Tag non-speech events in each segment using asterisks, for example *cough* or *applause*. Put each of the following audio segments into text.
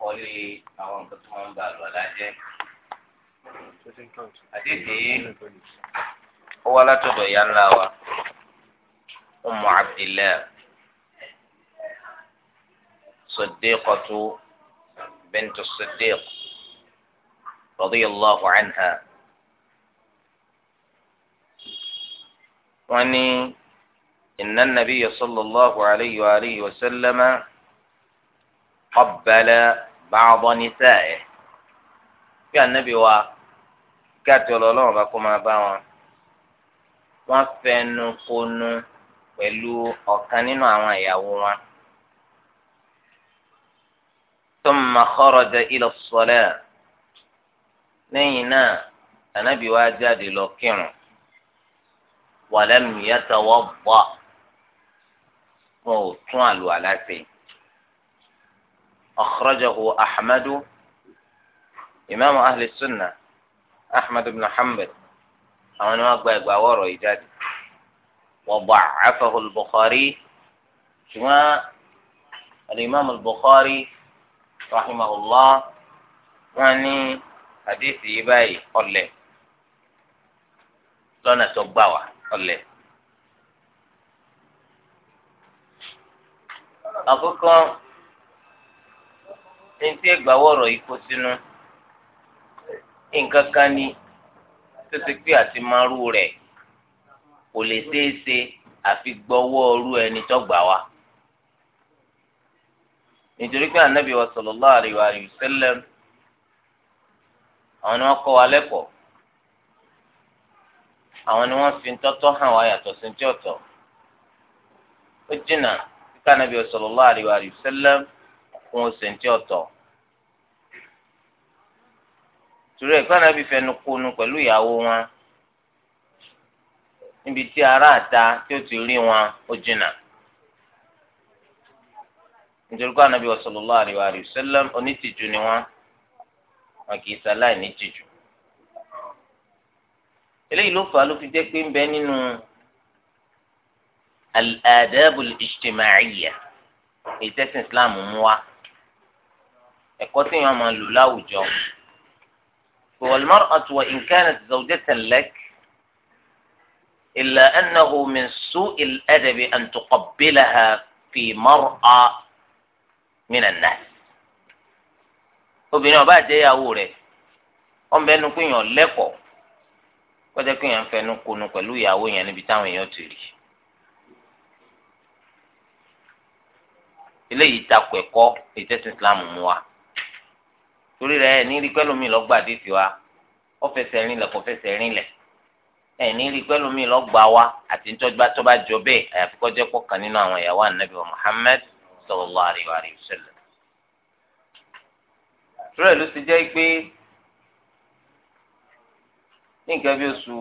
àkọlé àwọn nǹkan tó máa ń ba àlùwàlá jẹ́. àdéhìí ó wá látọ̀dọ̀ ìyá ńlá wa Ummu Abdillah Siddiqatu bintu Siddiq radiyallahu anha. wọ́n ní إن النبي صلى الله عليه وآله وسلم قبل bàbọ nísà ẹ bí anabi wa kí àti ọlọ́run bá kó máa bá wọn wọn fẹnu konu pẹ̀lú ọ̀kan nínú àwọn ìyàwó wọn. ثم خرج إلى الصلاة lẹ́yìn náà ànábì wa jáde lọ kírun wàlẹ́mìíyàtọ̀ wọ́n bọ̀ wọn ò tún àlùwàlá ṣe. أخرجه أحمد إمام أهل السنة أحمد بن حنبل أو نوقع بأور إيجاد وضعفه البخاري شما الإمام البخاري رحمه الله وأني حديث يباي قل له لنا تبوا قل له أقول ẹni tí ìgbàwọ̀rọ̀ yìí kó sínú nǹkan kan ni tó pé àti márù rẹ̀ kò lè ṣeé àfi gbọ́wọ́ ọrú ẹni nítorí pé wa sallallahu alaihi wa sallam àwọn ni wọn wa àwọn ni fi tọ́tọ́ hàn wá yàtọ̀ sí ti ọ̀tọ̀ ó jìnnà kíkà ànábì wa wọn ò sèǹtì ọ̀tọ̀ torí ẹ̀kọ́ anábì fẹnu kunu pẹ̀lú ìyàwó wọn níbi tí ará àta tí ó ti rí wọn ó jìnnà nítorí pé anábì sallallahu alaihi onítìjú ni wọn wọn kì í sáláì nítìjú eléyìí ló fà á ló fi jẹ́ pé ń bẹ nínú wa. ẹ̀kọ́ tí èèyàn máa lò láwùjọ. والمرأة وإن كانت زوجة لك إلا أنه من سوء الأدب أن تقبلها في مرأة من الناس obìnrin ọba àjẹyàwó rẹ̀ wọn bẹnu kó yàn lẹ́kọ̀ọ́ kọjá kó yàn fẹnu konu pẹ̀lú ìyàwó yẹn níbi táwọn èèyàn ti rí eléyìí takò ẹ̀kọ́ ètò ìsìlámù mu wa torí rẹ ẹ ní rí pẹlúmi lọgbà dídì wa ọfẹsẹ rin lẹ kọfẹsẹ rin lẹ ẹ ní rí pẹlúmi lọgbà wa àti ntọ́júbá tó bá jọ bẹ́ẹ̀ àyàfi kọjá pọ̀ kan nínú àwọn ìyàwó ànábì wa Muhammad sallallahu alayhi wa alayhi wa sallam. ti jẹ́ pé ní nǹkan bí oṣù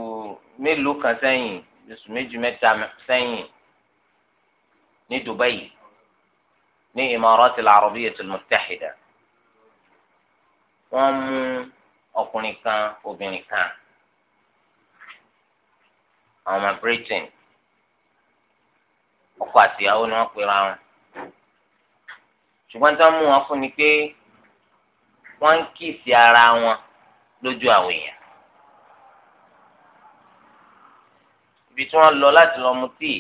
mélòó kan sẹ́yìn oṣù méjì mẹ́ta sẹ́yìn ní Dubai ní Imaratil Arabiyatil Muttahida wọ́n mú ọkùnrin kan obìnrin kan àwọn ọmọ Britain ọkọ àtìyàwó ni wọ́n pera wọn ṣùgbọ́n tí wọ́n mú wọn fún ni pé wọ́n ń kíìsì ara wọn lójú àwọn èèyàn. ibi tí wọ́n lọ láti lọ mu tíì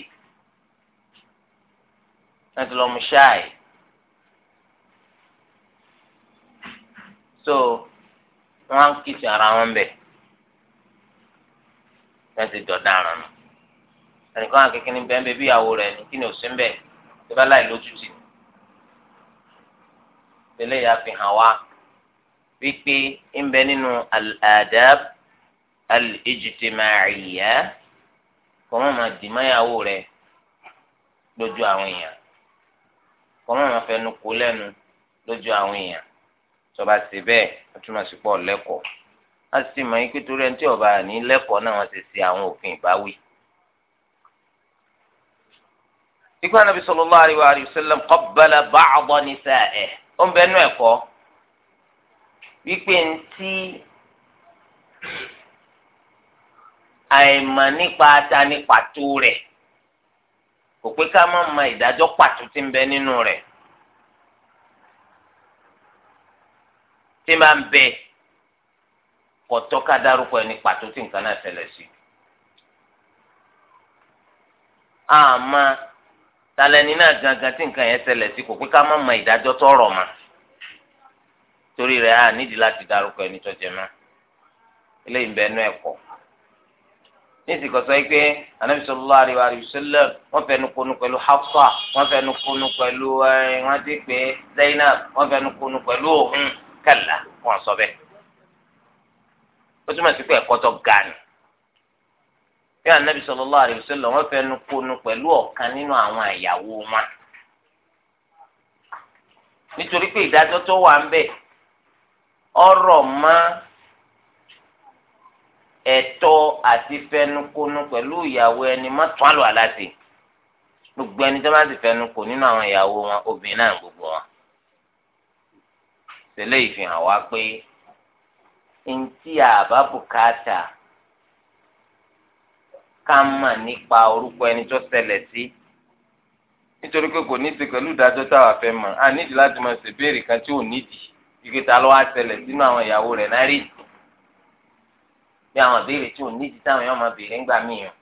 láti lọ mu ṣáì so wọn ń kìsì ara wọn bẹ wọn ti dọdá ara nù ẹnìkan akékeré ní bẹ́ẹ̀ bí ìyàwó rẹ̀ ní kí ni òsín bẹ́ẹ̀ tó bá láì lójútì tẹ́lẹ̀ yà fi hàn wá wípé ń bẹ nínú al-adab al-ijtima'iyya kọ́mọ́ máa dì máyàwó rẹ̀ lójú àwọn èèyàn kọ́mọ́ máa fẹnu kó lẹ́nu lójú àwọn èèyàn tọba ṣe bẹ́ẹ̀ wọ́n túmọ̀ sí pọ̀ lẹ́kọ̀ọ́ a sì mọ̀ yín pé torí ẹni tí ọba ní lẹ́kọ̀ọ́ náà wọ́n ti ṣe àwọn òfin ìbáwí. ìgbà nàbí sallallahu alaihi wa sallam qabbala ba'd nisa'ihi ó ń bẹnu ẹ̀kọ́ wípé ntí àìmọ̀ nípa ata ní pàtó rẹ̀ kò pé ká má mọ̀ ìdájọ́ pàtó tí ń bẹ nínú rẹ̀ tí máa ń bẹ kọ̀tọ́ ká dárúkọ ẹni pàtó tí nǹkan náà ṣẹlẹ̀ sí. àmọ́ talẹ́ni náà gangan tí nǹkan yẹn ṣẹlẹ̀ sí kò pé ká má mọ ìdájọ́ tọrọ mà torí rẹ á nídìí láti dárúkọ ẹni tó jẹ mọ́ eléyìí ń bẹ ẹnu ẹ̀kọ́ nísìkò sọ pé anabi sallallahu alaihi wasallam wọn fẹnu kunu pẹ̀lú Hafsa wọn fẹnu kunu pẹ̀lú ẹ wọn ti pè Zainab wọn fẹnu kunu kàlà wọn sọ bẹ́ẹ̀ ó túmọ̀ sí pé ẹ̀kọ́ tó ga ni bí anabi sallallahu alaihi wasallam wọn fẹnu kónú pẹ̀lú ọ̀kan nínú àwọn àyàwó wọn nítorí pé ìdájọ́ tó wà ń bẹ ọ̀rọ̀ mọ́ ẹ̀tọ́ àti fẹnukonu pẹ̀lú ìyàwó ẹni má tún àlọ aláṣẹ gbogbo ẹni tó bá ti fẹnukò nínú àwọn ìyàwó wọn obìnrin náà gbogbo wọn tẹ́lẹ̀ ìfihàn wa pé ntí àbá bùkátà ká mà nípa orúkọ ẹni tó ṣẹlẹ̀ sí nítorí pé kò ní í ṣe pẹ̀lú ìdájọ́ táwa fẹ́ mọ̀ a nídìí láti máa ṣèbéèrè kan tí ò nídìí ike ta ló wá ṣẹlẹ̀ sínú àwọn ìyàwó rẹ̀ náà rí bí àwọn ìbéèrè tí ò nídìí táwọn èèyàn máa béèrè ńgbà míyàn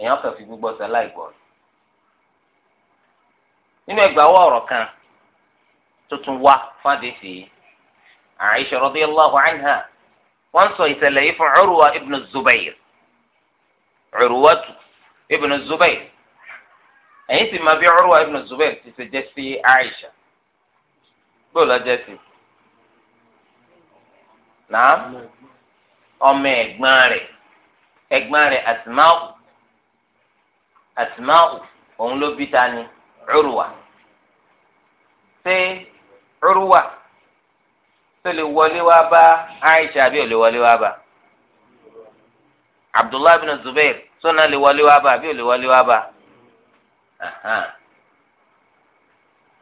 èèyàn kàn fi gbogbo ọ̀sẹ̀ láìgbọ́ nínú ẹgbàá ọ̀rọ̀ kan tó wá fún àdéhìí Aisha radiyallahu anha wọ́n sọ ìṣẹ̀lẹ̀ yìí fún Urwa ibn Zubair Urwa ibn Zubair ẹ̀yin sì máa bí Urwa ibn Zubair ti ṣe jẹ́ sí Aisha bóòlù ọjọ́ sí náà ọmọ ẹ̀gbọ́n rẹ̀ ẹ̀gbọ́n rẹ̀ Asma'u Asma'u òun ló bí ta ni Urwa ṣé Urwa. tó wọlé wá bá Aisha àbí ò lè wọlé wá bá Abdullahi bin Zubair sọ́nà lè wọlé wá bá àbí ò lè wọlé wá bá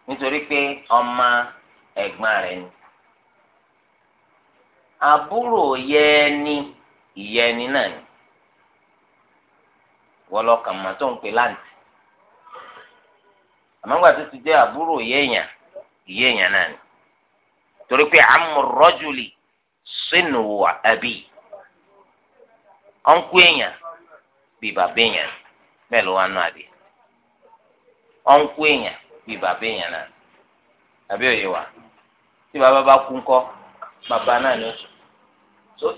nítorí pé ọmọ ẹ̀gbọ́n rẹ̀ ni àbúrò yẹni ìyẹni náà ni wọlọkàn mà tó ń pè láǹtì àmọ́gbà tó ti jẹ́ àbúrò yẹ̀yàn ìyẹ̀yàn náà ni torí pé àmú rọ́júlì sínú àbí ọ̀nkú èèyàn bíi bàbá èèyàn bẹ́ẹ̀ ló wà nù àbí ọ̀nkú èèyàn bíi bàbá èèyàn náà àbí òye wa tí bàbá bá kú ńkọ́ bàbá náà ni ó sùn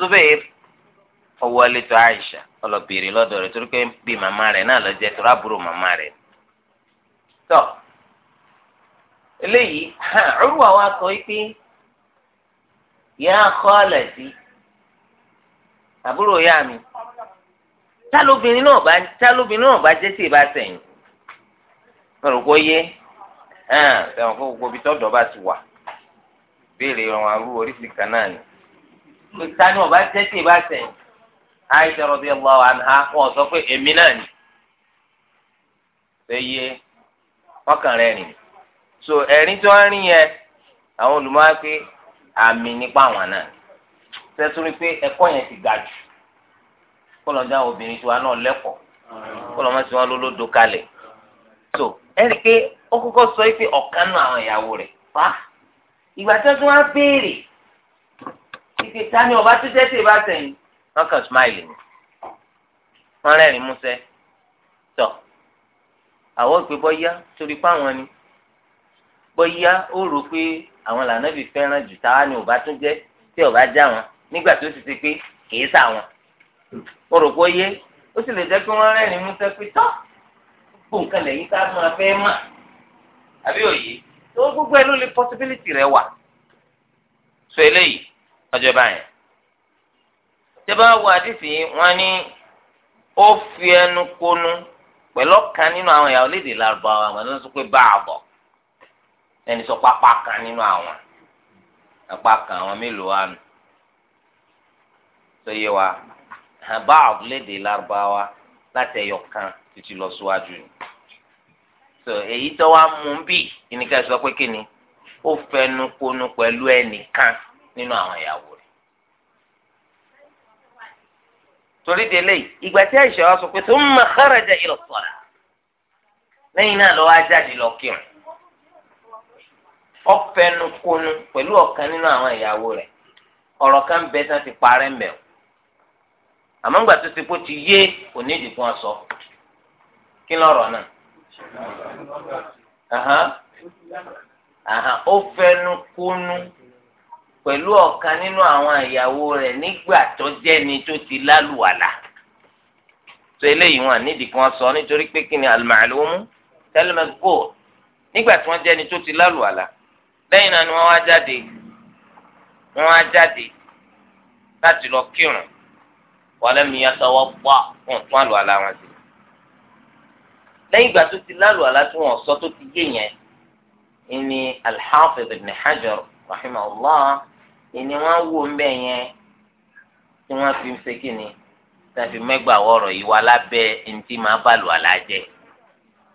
tó Aisha ọlọ́bìnrin lọ́dọ̀ rẹ̀ torí pé bíi màmá rẹ̀ náà lọ jẹ́ eléyìí ọrùn àwọn akọ yìí pé yà á kọ́ ọ̀lẹ̀ sí àbúrò yá mi tálóbìnrin náà bá tálóbìnrin náà bá jẹ́ sí ìbá sẹ̀yìn lọ́rọ̀ kó yé sẹ́wọ̀n kó gbogbo ibi tọ́dọ̀ bá ti wà béèrè ọ̀run àrú oríṣi kan náà ni pé tani ọba jẹ́ sí ìbá sẹ̀yìn Aisha radiyallahu anha wọn sọ pé èmi náà ni ṣe yé wọn kàn rẹ̀ nìyí so ẹ̀rín tí wọ́n rí yẹn àwọn olùmọ̀ọ́ pé àmì nípa àwọn náà sẹ́túrí pé ẹ̀kọ́ yẹn ti ga jù kó lọ́jà àwọn obìnrin tiwa náà lẹ́kọ̀ọ́ kó lọ́mọ tí wọ́n lólódo kalẹ̀ so ẹ̀rí pé ó kọ́kọ́ sọ pé ọ̀kan náà àwọn ìyàwó rẹ̀ fa ìgbà tí wọ́n tún wá béèrè ìpè ta ni ọba tó tẹ́tẹ̀ bá sẹ́yìn wọ́n kàn smile ni wọ́n rẹ́rìn músẹ́ tọ́ àwọn ìpè yá torí pé àwọn ni bóyá ó rò pé àwọn lànàbì fẹ́ràn jù táwa ni ò bá tún jẹ́ tí ò bá já wọn nígbà tó ti ti pé kìí sà wọn. ó rò pé ó yé ó sì lè jẹ́ pé wọ́n rẹ́rìn-ín mú sẹ́pẹ́ tán gbogbo nǹkan lẹ́yìn tá a máa fẹ́ mà àbí òye tó gbogbo ẹ ló lè possibility rẹ wà. sọ eléyìí ọjọ́ báyìí tẹ́ bá wọ àdìsí wọn ní ó fi ẹnu kónú pẹ̀lú ọ̀kan nínú àwọn ìyàwó lédè lárúbáwá àwọn ẹni tó pé bá a bọ̀ ẹni sọ pápá kan nínú àwọn apá kan àwọn mélòó wa nù tó yé wa àbá àbúlédè lárúbáwá láti ẹyọ kan títí lọ síwájú ni so èyí tó wá mú bí ìníkà sọ pé kíni ó fẹnu konu pẹ̀lú ẹnìkan nínú àwọn ìyàwó rẹ̀ torí délé ìgbà tí àìsàn wa sọ pé tó ń mọ kárẹ̀jà ìlọsọ̀rà lẹ́yìn náà lọ́wọ́ á jáde lọ kírun ọfẹnukonu pẹ̀lú ọ̀kan nínú àwọn ìyàwó rẹ̀ ọ̀rọ̀ kan bẹ tán ti parẹ́ mẹ o àmọ́ ńgbà tó ti kó ti yé òní ìdìbò wọn sọ kí lọ́rọ̀ náà ahan ahan ó fẹnukonu pẹ̀lú ọ̀kan nínú àwọn ìyàwó rẹ̀ nígbà tó jẹ́ni tó ti lálùwàlà tó eléyìí wọn nídìí kan nítorí pé kí ni al-ma'lumu kal-madhkur nígbà tí wọ́n jẹ́ni tó ti lálùwàlà lẹ́yìn náà ni wọ́n wá jáde wọ́n wá jáde láti lọ kírun walam yatawabba wọ́n tún àlọ́ àlá wọn sí. lẹ́yìn ìgbà tó ti lálù àlá tí wọ́n sọ tó ti yé yẹn ìní al-Hafiz ibn Hajar rahimahullah ìní wọ́n wò ń bẹ̀ yẹn tí wọ́n fi ń ṣe kí ni tàbí mẹ́gbàá wọ̀rọ̀ yìí wá lábẹ́ ntí máa bá lù jẹ́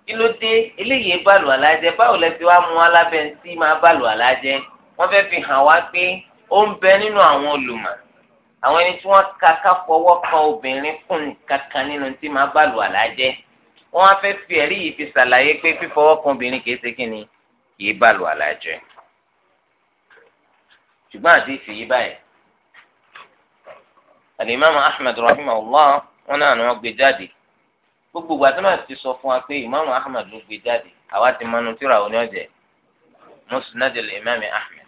kí ló dé eléyìí bàlù alájẹ báwo lẹ fi wá mú alábẹ́ntì máa bàlù alájẹ wọ́n fẹ́ fi hàn wá pé ó ń bẹ nínú àwọn olùmọ̀ àwọn ẹni tí wọ́n ka ká fọwọ́ kan obìnrin fún kankan nínú tí máa bàlù alájẹ wọ́n á fẹ́ fi ẹ̀rí yìí fi ṣàlàyé pé fífọwọ́ kan obìnrin kìí ṣe kí ni kìí bàlù alájẹ ṣùgbọ́n àdìsí yìí báyìí alimami ahmed rahimahullah wọn náà ni wọ́n gbé jáde gbogbo ìgbà tó máa ti sọ fún wa pé ìmáàmù ahmed ló gbé jáde àwa ti mọnu tíra òní ọ̀jẹ̀ musnad al-imami ahmed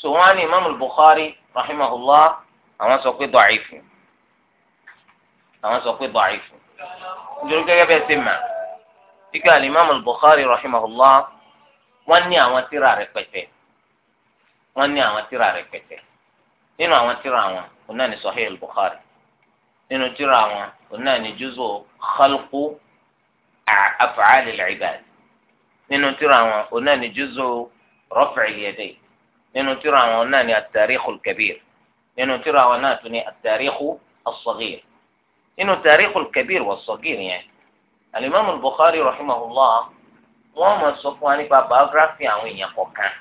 so wọn á ní ìmáàmù bukhari rahimahullah àwọn sọ pé da'if àwọn sọ pé da'if nítorí gẹ́gẹ́ bẹ́ẹ̀ ṣe mà ike al-imam bukhari rahimahullah wọ́n ní àwọn tíra rẹpẹtẹ wọ́n ní àwọn tíra rẹpẹtẹ nínú àwọn tíra wọn òun náà ní sahih bukhari nínú tírà wọn òun náà ní juz'u khalqu af'al al-ibad nínú tírà wọn òun náà ní juz'u raf'i al-yaday nínú tírà wọn òun náà ní at-tarikh al-kabir nínú tírà wọn náà tún ní at-tarikh as-saghir nínú at-tarikh al-kabir was yẹn al-imam al wọn mọ sọ fún wa nípa biography àwọn èèyàn kọ̀ọ̀kan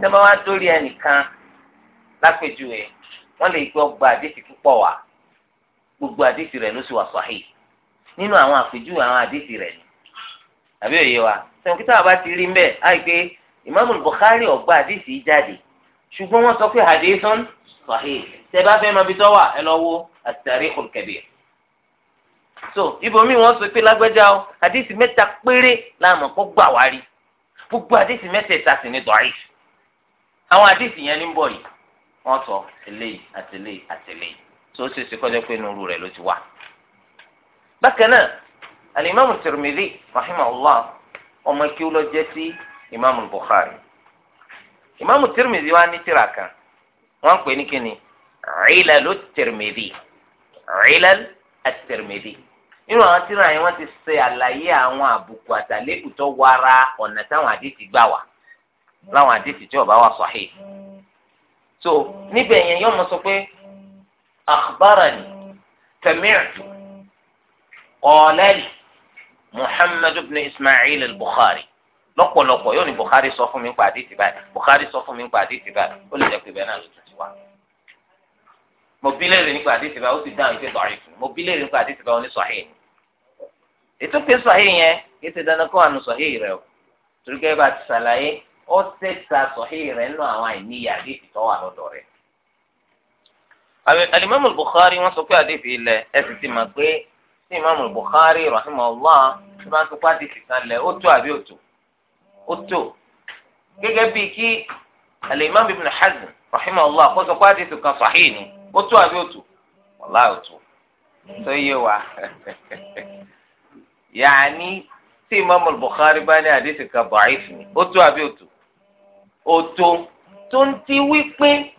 tẹ́lẹ̀ wá dórí ẹnìkan lápèjúwe wọ́n lè gbọ́ gba àdéhìí púpọ̀ wá gbogbo àdìsí rẹ̀ ló sì wà sọ́hì nínú àwọn àpèjú àwọn àdìsí rẹ̀ ni àbí òye wa sẹ̀ǹkítà àbá ti rí mbẹ́ àìpé ìmáàmù Bukhari ọ̀gbà àdìsí jáde ṣùgbọ́n wọ́n sọ pé hadithun sọ́hì tẹ́ bá fẹ́ mọ ibi ẹ lọ wo at-Tarikhul so ibòmí wọn sọ pé lágbájá o àdìsí mẹ́ta péré láàmú kó gbà wá rí gbogbo àdìsí mẹ́tẹ̀ẹ̀ta sì ni dọ̀ọ́ìf àwọn àdìsí yẹn ní bọ̀ yìí wọ́n sọ eléyìí àtẹlẹ́yìí àtẹlẹ́yìí tó ṣe ṣe kọjá pé nuru rẹ̀ ló ti wà. bákan náà alimami Tirmidhi rahimahullah ọmọ kí ó lọ jẹ́ sí imaamu Bukhari imaamu Tirmidhi wa ní tírà kan wọ́n pè ní kíni ilalu Tirmidhi ilal at-Tirmidhi nínú àwọn tírà yẹn wọ́n ti ṣe àlàyé àwọn àbùkù àtàlẹ́kù tó wara ọ̀nà táwọn àdìsí gbà wá láwọn àdìsí tí ó bá wà sahih so níbẹ̀ yẹn yọ́n mọ̀ sọ pé. أخبرني سمعت قال لي محمد بن إسماعيل البخاري lọ́pọ̀lọpọ̀ yóò ní Bukhari sọ fún mi nípa àdìsí báyìí Bukhari sọ fún mi nípa àdìsí báyìí ó lè jẹ́ pé bẹ́ẹ̀ náà ló tún ti wá. mo bí léèrè nípa àdìsí báyìí ó sì dáhùn ìpè dọ̀rí fún mo bí léèrè nípa àdìsí báyìí ó ní sọ̀hìn. ètò pé sọ̀hìn yẹn kì í ṣe dandan kó àánú sọ̀hìn rẹ o torí gẹ́gẹ́ bá ti ṣàlàyé ó tẹ̀sà sọ̀hìn rẹ nínú àwọn àìníyà àdìsí tó wà lọ́dọ̀ rẹ̀ alimami bukhari wọ́n sọ pé àdéhùn ilẹ̀ ẹ̀sìn ti mà pé sí imaamu bukhari rahimahullah tó bá ń sọ pé àdéhùn kan lẹ̀ ó tó àbí ó tó ó tó gẹ́gẹ́ bíi kí alimami ibn hazm rahimahullah kó sọ pé àdéhùn kan sahih ni ó tó àbí ó wàlá ó tó yé wa *laughs* yaani tí imaamu bukhari bá ní àdéhùn kan da'if ni ó tó àbí ó ó tó tó ń ti wí pé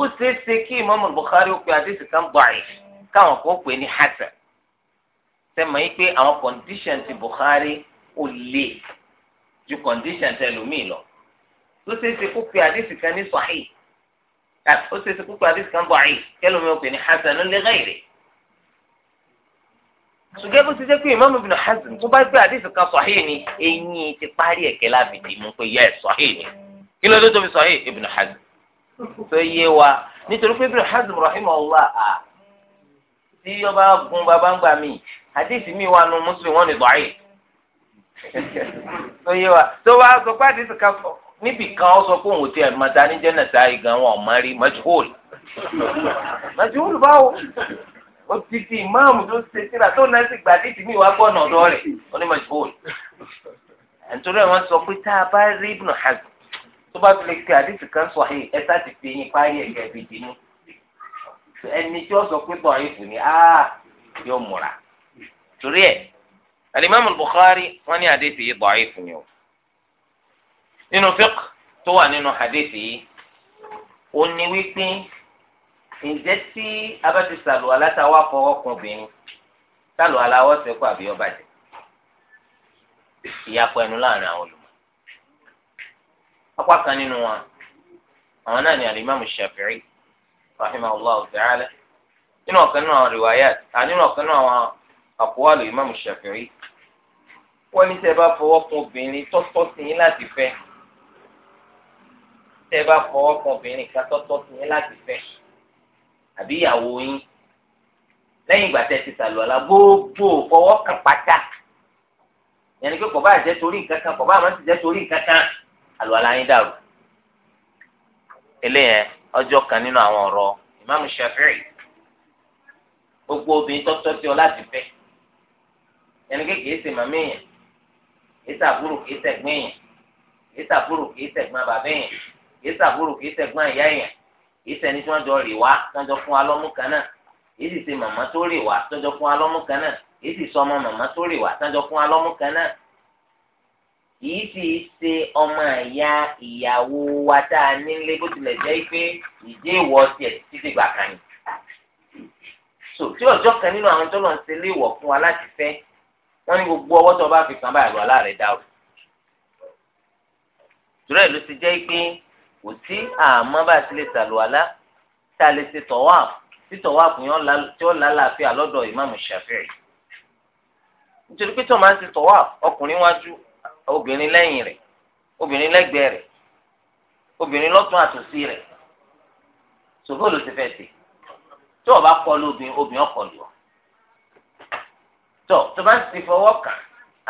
ó ṣeé ṣe kí Imam Bukhari ó pe àdìsí kan da'if káwọn kan pè ní hasan sẹ́mọ̀ yìí pé àwọn condition ti Bukhari ó le ju condition ti ẹlòmíì lọ ó ṣeé ṣe kó pe àdìsí kan ní sahih ó ṣeé ṣe kó pe àdìsí kan da'if kẹlòmíì ó pè ní hasan li ghairi ṣùgbọ́n bó ti jẹ́ pé Imam Ibn Hazm tó bá gbé àdìsí kan sahih ni eyín ti parí ẹ̀kẹ́ láfi mú pé yẹ sahih ni kí ló dé tó fi sahih Ibn tó yé wa nítorí pé Ibn Hazm rahimahullah à tí ọba gun bàbá ń gbà mí àdéhìí mi wà nù mùsùlùmí wọn ni dọ̀ọ́yì tó yé wa tó bá sọ pé àdéhìí kan fọ níbì kan ó sọ pé òun ti ẹ̀mọ́ta ní jẹ́nẹ̀ta ìgan wọn ọ̀mọ́ rí mẹ́tíhóòlù mẹ́tíhóòlù báwo ó ti di ìmáàmù tó ṣe síra tó náà sì gbà títí mi wá gbọ́nà ọ̀dọ́ rẹ̀ ó ní mẹ́tíhóòlù nítorí wọn sọ pé tá a bá rí Ibn Hazm tó bá tilẹ̀ kí àdìsí kan sọ yìí ẹ sáà ti fi yín páyé ẹ̀gẹ́ bíi dínú ẹni tí ó sọ pé bọ̀ ayé fò ní á yóò múra torí ẹ̀ alimami Bukhari wọn ní àdìsí yìí bọ̀ ayé fò ní o nínú fiqh tó wà nínú àdìsí yìí ó ní wípé ǹjẹ́ tí abájú sàlùwà látàwọn afọwọ́ sàlùwà láwọ́ sẹ́kù àbí ọbàjẹ́ ìyapọ̀ ẹnu láàrin àwọn olùkọ́ apá kan nínú wọn àwọn náà ni alimami shafi'i rahimahullah ta'ala nínú ọ̀kan nínú àwọn riwayat nínú ọ̀kan nínú àwọn àkọwálò imam shafi'i wọ́n ní tẹ́ bá fọwọ́ kan obìnrin tọ́tọ́ sí yín láti fẹ́ tẹ́ bá fọwọ́ kan obìnrin kan tọ́tọ́ sí yín láti fẹ́ àbí ìyàwó yín lẹ́yìn ìgbà tẹ́ ti sàlùwàlá gbogbo fọwọ́ kan pátá yẹn ni pé kò bá torí nǹkan kan kò àmọ́ ti jẹ́ torí nǹkan kan. àlùwàlá yín dàrú eléyẹn ọjọ́ kan nínú àwọn ọ̀rọ̀ imam Shafi'i gbogbo obìnrin tọ́tọ́ sí ọ láti fẹ́ ẹni kékeré ṣe màmí èèyàn kìí kìí sẹ̀gbọ́n èèyàn kìí kìí sẹ̀gbọ́n bàbá kìí sẹ̀gbọ́n ìyá tí wọ́n jọ rè wá tí wọ́n jọ fún kan náà sì yìí sì ṣe ọmọ ìyá ìyàwó wa tá a nílé bó tilẹ̀ jẹ́ pé ìdí ìwọ tiẹ̀ títí gbà kan yìí. so tí ọjọ́ kan nínú àwọn tó lọ ń ṣe lé ìwọ̀ fún wa láti fẹ́ wọ́n ní gbogbo ọwọ́ tó bá fi kàn bá àlọ́ aláàrẹ̀ dá o. ìtura ìlú ti jẹ́ pé kò sí àmọ́ bá a ti lè sàlùwàlá tá a lè ṣe tọ̀wáàfù tí tọ̀wáàfù yẹn tí ó lálàáfíà lọ́dọ̀ ìmáàmù Ṣàfi'í. nítorí pé tó máa ń ṣe tọ̀wáàfù ọkùnrin wájú obìnrin lẹ́yìn rẹ̀ obìnrin lẹ́gbẹ̀ẹ́ rẹ̀ obìnrin lọ́tún àtòsí rẹ̀ ṣòfò ló ti fẹ́ o bá kọlu obìnrin obìnrin ọkọlù ọ tó ti fọwọ́ kàn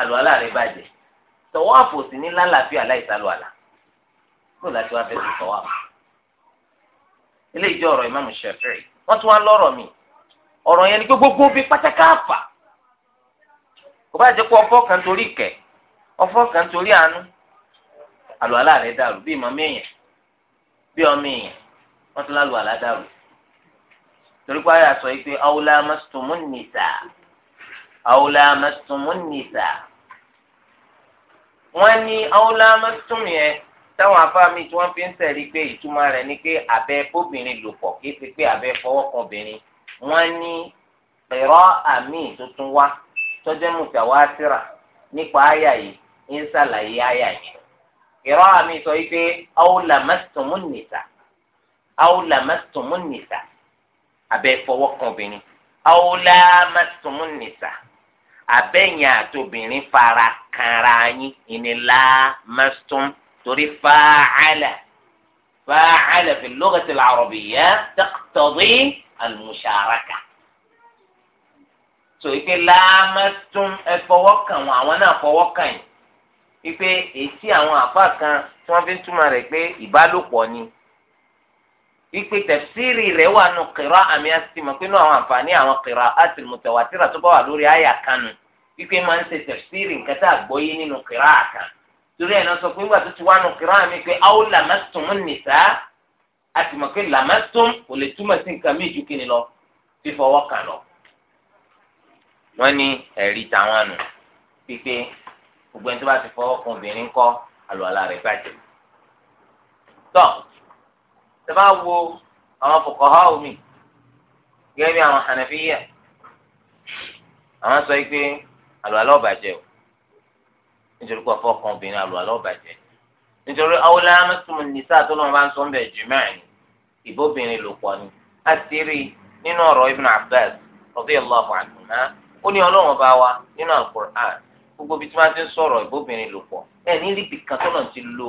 àlùhàlà rẹ̀ bàjẹ́ tọwọ́ àfòsí ní lálàáfíà láìsàlùhàlà kó láti wá fẹ́ ti ilé ọ̀rọ̀ ìmáàmù wọ́n tún ọ̀rọ̀ yẹn ni bí kò bá jẹ́ pé torí ìkẹ́ ọfọ kan torí àánú àlùwàlá rẹ̀ dàrú bí ìmọ̀ mẹ́yìn bí ọmọ èèyàn wọ́n ti lálùwàlá dàrú torí pé àyà sọ pé awolá mẹsùtùmù nìta awolá mẹsùtùmù nìta wọ́n ní awolá mẹsùtùmù yẹn táwọn afáàmì tí wọ́n fi ń tẹ̀lé pé ìtumọ̀ rẹ̀ ni pé abẹ́ bóbìnrin lò pọ̀ kí ti pé abẹ́ fọwọ́ kan obìnrin wọ́n ní pẹ̀rọ àmì tuntun wá tọ́jọ́ mùtàwá síra nípa àyà yìí ń ṣàlàyé àyà yẹn ìrọ àmì sọ yìí pé awùlà mẹsùnmù nìta awùlà mẹsùnmù nìta abẹ fọwọ́ kan obìnrin awùlà mẹsùnmù nìta abẹ́yìn àtòbìnrin fara kanra yín ìnìlá mẹsùn torí fàáhálà fàáhálà fi lókàtí làrọ̀bìyà tẹ̀kítọ́dí àlùmùsàràkà so ìpè láàmẹ́sùn ẹ fọwọ́ àwọn náà fọwọ́ kàn wípé èsì àwọn àpá kan tí wọ́n fi ń túmọ̀ rẹ̀ pé ìbálòpọ̀ ni wípé tẹ̀síìrì rẹ̀ wà nù kìrọ̀ àmì àsìmọ̀ pé nù àwọn àǹfààní àwọn kìrọ̀ àti mùtẹ̀wàtìrà tó bá wà lórí àyà kanu wípé máa ń ṣe tẹ̀síìrì nǹkan tá a gbọ́ yé nínú kìrọ̀ àkàn torí ẹ̀ náà sọ pé nígbà tó ti wá nù kìrọ̀ àmì pé àwọn làmásùmù nìta àti mọ̀ pé làmásùmù kò lè túmọ̀ sí nǹkan mí ju kíni lọ fífọwọ́ kàn lọ. wọ́n ní ẹ̀rí tàwọn nù pípé gbogbo ẹni tó bá ti fọwọ́ kan obìnrin kọ́ àlùwàlá rẹ̀ bàjẹ́. tọ́ ṣe bá wo àwọn fuqaha omi gẹ́gẹ́ bí àwọn hànàfíyà àwọn sọ pé àlùwàlá ò bàjẹ́ o nítorí pé ọ̀fọ́ kan obìnrin àlùwàlá ò bàjẹ́ nítorí awolá mẹ́tùmù nìsá tó lọ́n bá ń sọ ń bẹ̀ jù mẹ́rin ìbóbìnrin ló pọ̀ ni a ti rí nínú ọ̀rọ̀ Ibn Abbas radiyallahu anhuma ó ní ọlọ́run bá wa nínú al gbogbo ibi tí wọ́n ti ń sọ̀rọ̀ ìbóbìnrin lò pọ̀ ẹ̀ ní ríbi kan tọ́nà ti lo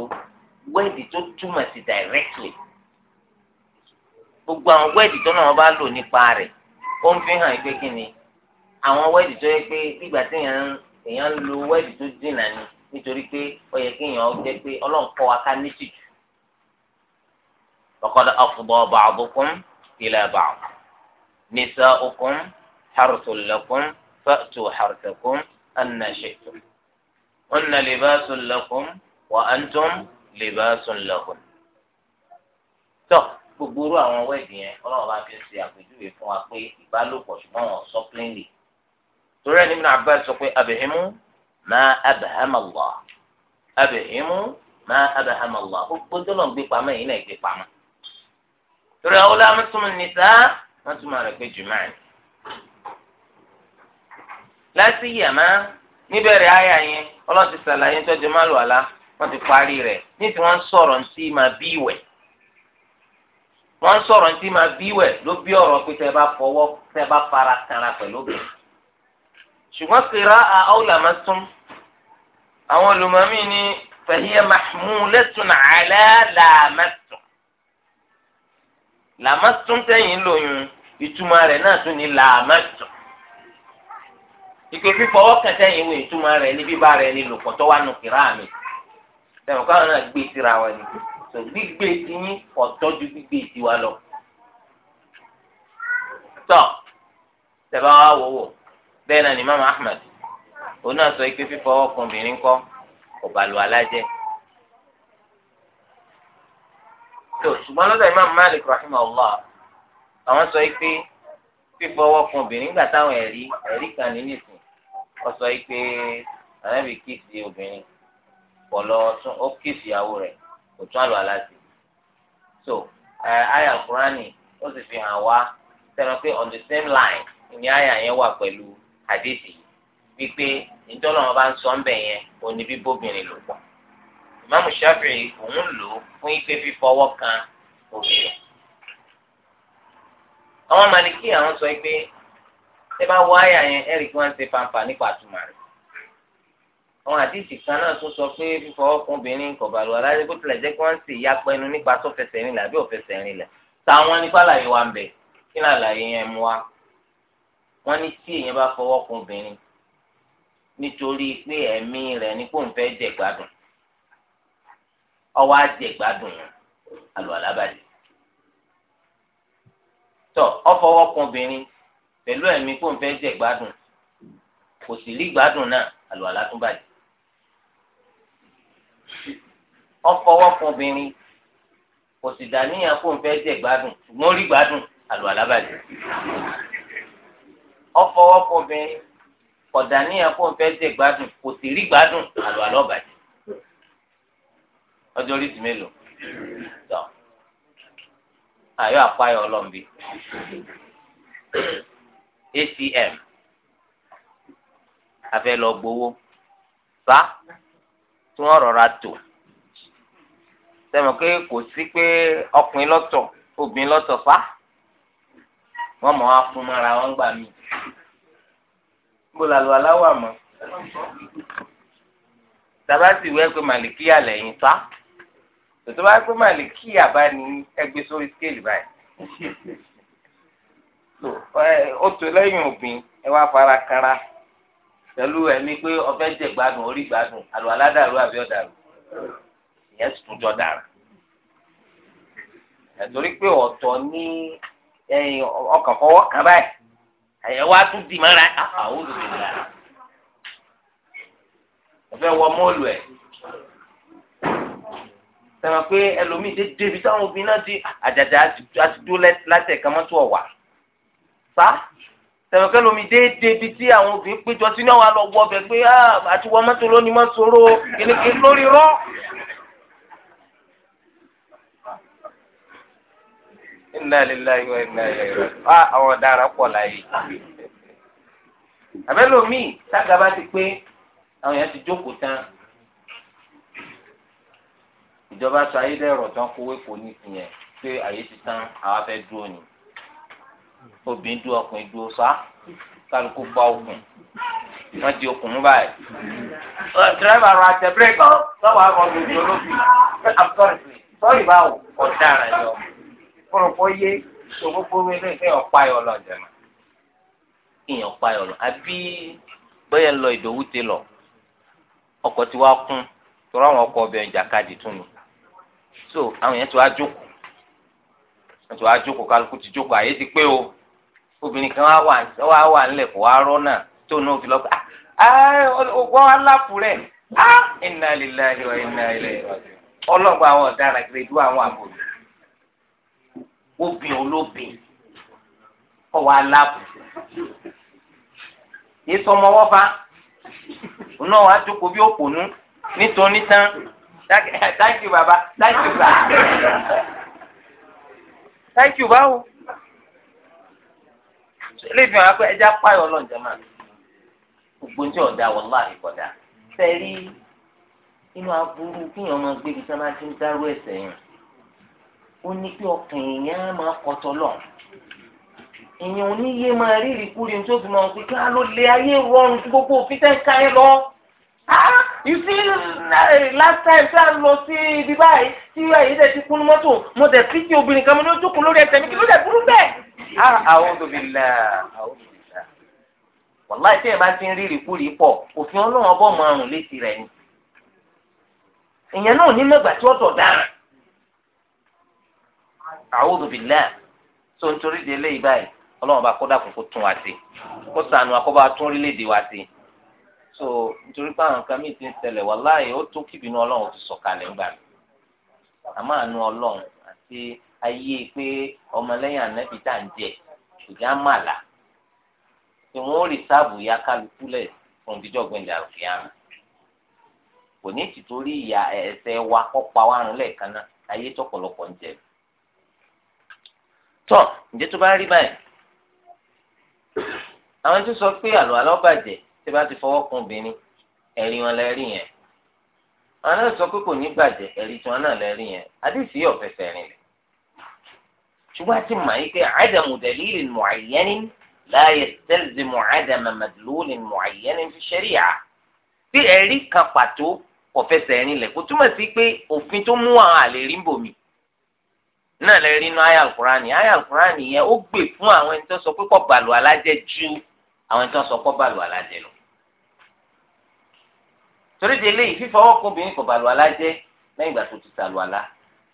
wẹ́ẹ̀dì tó túmọ̀ sí directly gbogbo àwọn wẹ́ẹ̀dì tọ́nà wọn bá lò nípa rẹ̀ ó ń fi hàn pé kí ni àwọn wẹ́ẹ̀dì tó yẹ pé nígbà tí èèyàn ń lo wẹ́ẹ̀dì tó dìnnà ni nítorí pé ó yẹ kí èèyàn jẹ́ pé ọlọ́run kọ́ wa ká ní tìjú laqad afḍā baʿḍukum ilā baʿḍ nisā'ukum ḥarthun lakum fa'tū ḥarthakum أن شئتم هن لباس لكم وأنتم لباس لهن tọ gbogbo irú àwọn wẹ́ẹ̀dì yẹn ọlọ́run bá fi ń ṣe àpèjúwe fún wa pé ìbálòpọ̀ ṣùgbọ́n wọn sọ plainly torí ẹni mìíràn abẹ́ sọ pé abẹ́hìmú máa abẹ́hàmàlá abẹ́hìmú máa abẹ́hàmàlá gbogbo tọ́lọ̀ ń gbé pamọ́ yìí náà gbé pamọ́ torí àwọn ọlọ́run tún ní sá wọ́n tún máa rẹ̀ pé jùmọ̀ ẹ̀ láti yàmá níbẹ̀rẹ̀ àyà yẹn ọlọ́run ti sàlàyé tọ́jú má lò àlá wọ́n ti parí rẹ̀ ní tí wọ́n ń sọ̀rọ̀ ntí máa bí ìwẹ̀ wọ́n ń sọ̀rọ̀ ntí máa bí ìwẹ̀ ló bí ọ̀rọ̀ pé tẹ́ bá fọwọ́ tẹ́ bá fara kanra pẹ̀lú bẹ̀. ṣùgbọ́n kira àwòlà tún àwọn olùmọ̀mí ni fẹ̀yẹ́ mahmulatun ala làmẹ́tún làmẹ́tún tẹ̀yìn lóyún ìtumọ̀ rẹ̀ náà tún ní làmẹ́tún ìpè fífọwọ́ kàn sẹ́yìn ìwé ìtumọ̀ rẹ̀ ní bíbá rẹ̀ ní lòpọ̀ tó wà nù kíra mi tẹ̀wọ̀n káwọn náà gbé síra wọn ni tó gbígbé tiyín ọ̀tọ̀ ju gbígbé tiwa lọ. tọ́ tẹ̀bá wa wò wò bẹ́ẹ̀ náà ni mama ahmed òun náà sọ ìpè fífọwọ́ kan obìnrin kọ́ ọ̀bàlù alájẹ́. tó ṣùgbọ́n lọ́dọ̀ imam malik Allah, àwọn sọ pé fífọwọ́ kan obìnrin nígbà táwọn ẹ̀rí ẹ̀rí kan ní nìsín wọ́n sọ yìí pé ànábì kíìsì obìnrin kọ̀ lọ tún ó kíìsì ìyàwó rẹ̀ kò tún àlọ́ aláṣẹ. so àyà kúránì ó sì fi hàn wá sẹ́nu pé on the same line ìní àyà yẹn wà pẹ̀lú àdéhìí wípé ìjọ́nà wọn bá ń sọ ń bẹ̀ yẹn òní bí bóbìnrin lò pọ̀. ìmáàmù Ṣáfi'í òun lò ó fún ife fífọwọ́ kan obìnrin. àwọn màlìkí àwọn sọ pé tẹ bá wọ àyà yẹn ẹ̀rí kí wọ́n ṣe fanfa nípa àtúmọ̀ rẹ̀ àwọn àdìsí kan náà tó sọ pé fífọwọ́ kún obìnrin kò bá lọ aláṣẹ bó tilẹ̀ jẹ́ kí wọ́n sì ya pẹnu nípa tó fẹsẹ̀ rìn lẹ̀ àbí òfẹsẹ̀ rìn lẹ̀ táwọn nípa àlàyé wa ń bẹ kí ni àlàyé yẹn mú wa wọ́n ní tí èèyàn bá fọwọ́ kún obìnrin nítorí pé ẹ̀mí rẹ̀ ní kó ń fẹ́ jẹ gbádùn ọwọ́ á jẹ gbádùn àlọ́ alábàdì pẹ̀lú ẹ̀mí kó n fẹ́ jẹ gbádùn kò sì rí gbádùn náà àlùwàlá tún bàjẹ́ ọfọwọ́fún obìnrin kò sì dàníyàn kó n fẹ́ jẹ gbádùn ṣùgbọ́n rí gbádùn àlùwàlá bàjẹ́ ọfọwọ́fún obìnrin kò dàníyàn kó n fẹ́ jẹ gbádùn kò sì rí gbádùn àlùwàlá bàjẹ́ ọjọ́ orí ti mélòó tọ́ ayọ̀ apáyọ̀ ọlọ́mbi. ATM afẹ́ lọ gbowó sá tí wọ́n rọra tò sẹ́mi pé kò sí pé ọkùnrin lọ́tọ̀ obìnrin lọ́tọ̀ sá wọ́n mọ̀ wá fún mọ́ra wọn gbà mí níbo làlọ́ aláwọ̀ àmọ́ tabasi wẹ́ pé màlìkíyà lẹ́yìn sá tòtò bá pé màlìkíyà bá ní ẹgbẹ́ sórí skéèlì báyìí so ẹ ó tó lẹ́yìn òbí ẹ wá fara kanra pẹ̀lú ẹni pé ọfẹ́ jẹ gbádùn orí gbádùn àlọ́ aládàrú àbí ọ̀dàrú ìyẹn sì tún jọ dàrú ẹ̀tọ́rí pé ọ̀tọ̀ ní ọkàn fọwọ́ kan báyìí ẹ̀yẹ wá tún dì mọ́ra àwọn olùdíje ọfẹ́ wọ mọ́ọ̀lù ẹ̀ sẹ́wọ̀n pé ẹlòmíì dé débi táwọn obìnrin náà ti àjàjà àti dúró látẹ̀ kan mọ́tò ọ̀wà fa tẹ̀wọ̀kẹ́ lomi déédéé bíi tí àwọn obìnrin péjọ sí ní àwọn alọ́wọ́ ọbẹ̀ pé ah, àti wọ́n mọ́tò lónìí má sọ̀rọ̀ kìnnìkì lórí rọ́. inna lillahi inna ilayhi raji'un ah, àwọn ọ̀daràn pọ̀ láyé. àbẹ́lòmíì tága bá ti pé àwọn èèyàn ti jókòó tán ìjọba sọ ayédèrò tán kówé kò ní tìyẹn pé àyè ti tán àwa fẹ́ dúró ni obìnrin dúró ọkùnrin dúró sá kálukú bá okùn wọn di okùn mú báyìí. dírẹ́bà rọ àtẹ bírèkì sọ́wọ́ àwọn olùdí olóbì sọ́ọ̀rì báwo ọ̀daràn yọ kọ́rọ̀pọ̀ yé gbogbo ilé ìfẹ́ ọ̀pá yọ lọ jẹ̀mọ́ ìyẹn ọ̀pá yọ lọ àbí bẹ́ẹ̀ lọ ìdòwú ti lọ ọkọ̀ tí wàá kún tọ́ra àwọn ọkọ̀ ọbẹ̀ ìjàkadì tún ni so àwọn yẹn ti wá jókòó ètò àjòkò kálukú ti jókòó àyè ti pé o obìnrin kan wá wà ńlẹ̀ kó wá rọ́ náà tó náà fi lọ pé wọ́n ah, ah, wá lápù rẹ̀ ah, inna lillahi wa inna ilayhi ọlọ́gbọ́n àwọn ọ̀daràn kiri dúró àwọn àbòrò obìn olóbìn ọwọ́ aláàbò yìí sọmọ wọ́n fa òun náà wàá jókòó bí òpònú nítorí tán thank you baba thank you sir thank you báwo ilé ìfihàn wa pé ẹja páyọ ọlọ́njẹ́ máa gbogbo ní ọ̀dà wọlá ìkọ̀dà sẹ́rí inú aburú kíyàn máa gbé ibi tí wọ́n máa ti ń dárú ẹ̀sẹ̀ yẹn ó ní pé ọkàn èèyàn á máa kọtọ lọ èèyàn oníyé máa rí ìrìkúri tó fi máa ń pè kí á ló lé ayé rọrùn gbogbo òfin tẹ́ ká yẹn lọ you see eh, last time tí a lọ sí ibi báyìí tí ẹ̀yìn tẹ̀ ti kún mọ́tò mo tẹ̀ fi ti obìnrin kan mo ní ojú kun lórí ẹsẹ̀ mi kí ló dẹ̀ burú bẹ́ẹ̀. àwọn obìnrin la àwọn obìnrin la wàláì tí ẹ bá ti ń rí ìrìkúrì pọ̀ òfin ọlọ́run ọbọ̀ mọ àrùn létí rẹ̀ ni. ìyẹn náà ní mẹ́gbà tí ó tọ̀ dára. àwọn obìnrin la tó ń torí de eléyìí báyìí ọlọ́run bá kó dàkún kó tún wa sí kó ṣàánú akọ́bá tún orílẹ̀-èdè wa sí. so nítorí pé àwọn kan ti ń ṣẹlẹ̀ wàláyé ó tó kíbi inú ọlọ́run ti sọ̀kalẹ̀ ńgbà mi àmọ́ àánú ọlọ́run àti ayé pé ọmọlẹ́yìn ànábì tá ń jẹ ìjà tí wọ́n rí sáàbù ya kálukú lẹ̀ fún kò ní wa náà tí bá ti fọwọ́ kun obìnrin ẹ̀rí wọn lẹ́rí yẹn wọn náà sọ pé kò ní bàjẹ́ ẹ̀rí tí wọn náà lẹ́rí yẹn àdìsí ọ̀fẹ́fẹ́ rìn lẹ̀ ṣùgbọ́n a ti mọ̀ yìí pé àdàmù dalilin mu'ayyanin la yastalzimu àdàmù madlulin mu'ayyanin fi sharia bí ẹ̀rí kan pàtó ọ̀fẹ́sẹ̀ rìn lẹ̀ kò túmọ̀ sí pé òfin tó mú àwọn àlè rí ń bòmí náà lè inú àyà alukurani àyà alukurani yẹn ó gbè fún àwọn ẹni tó sọ pé kọ́ bàlù alájẹ ju àwọn ẹni tó sọ kọ́ bàlù alájẹ lọ torí di eléyìí fífọwọ́ kóbìnrin kò bàlùwàlá jẹ́ lẹ́yìn ìgbà tó ti sàlùwàlá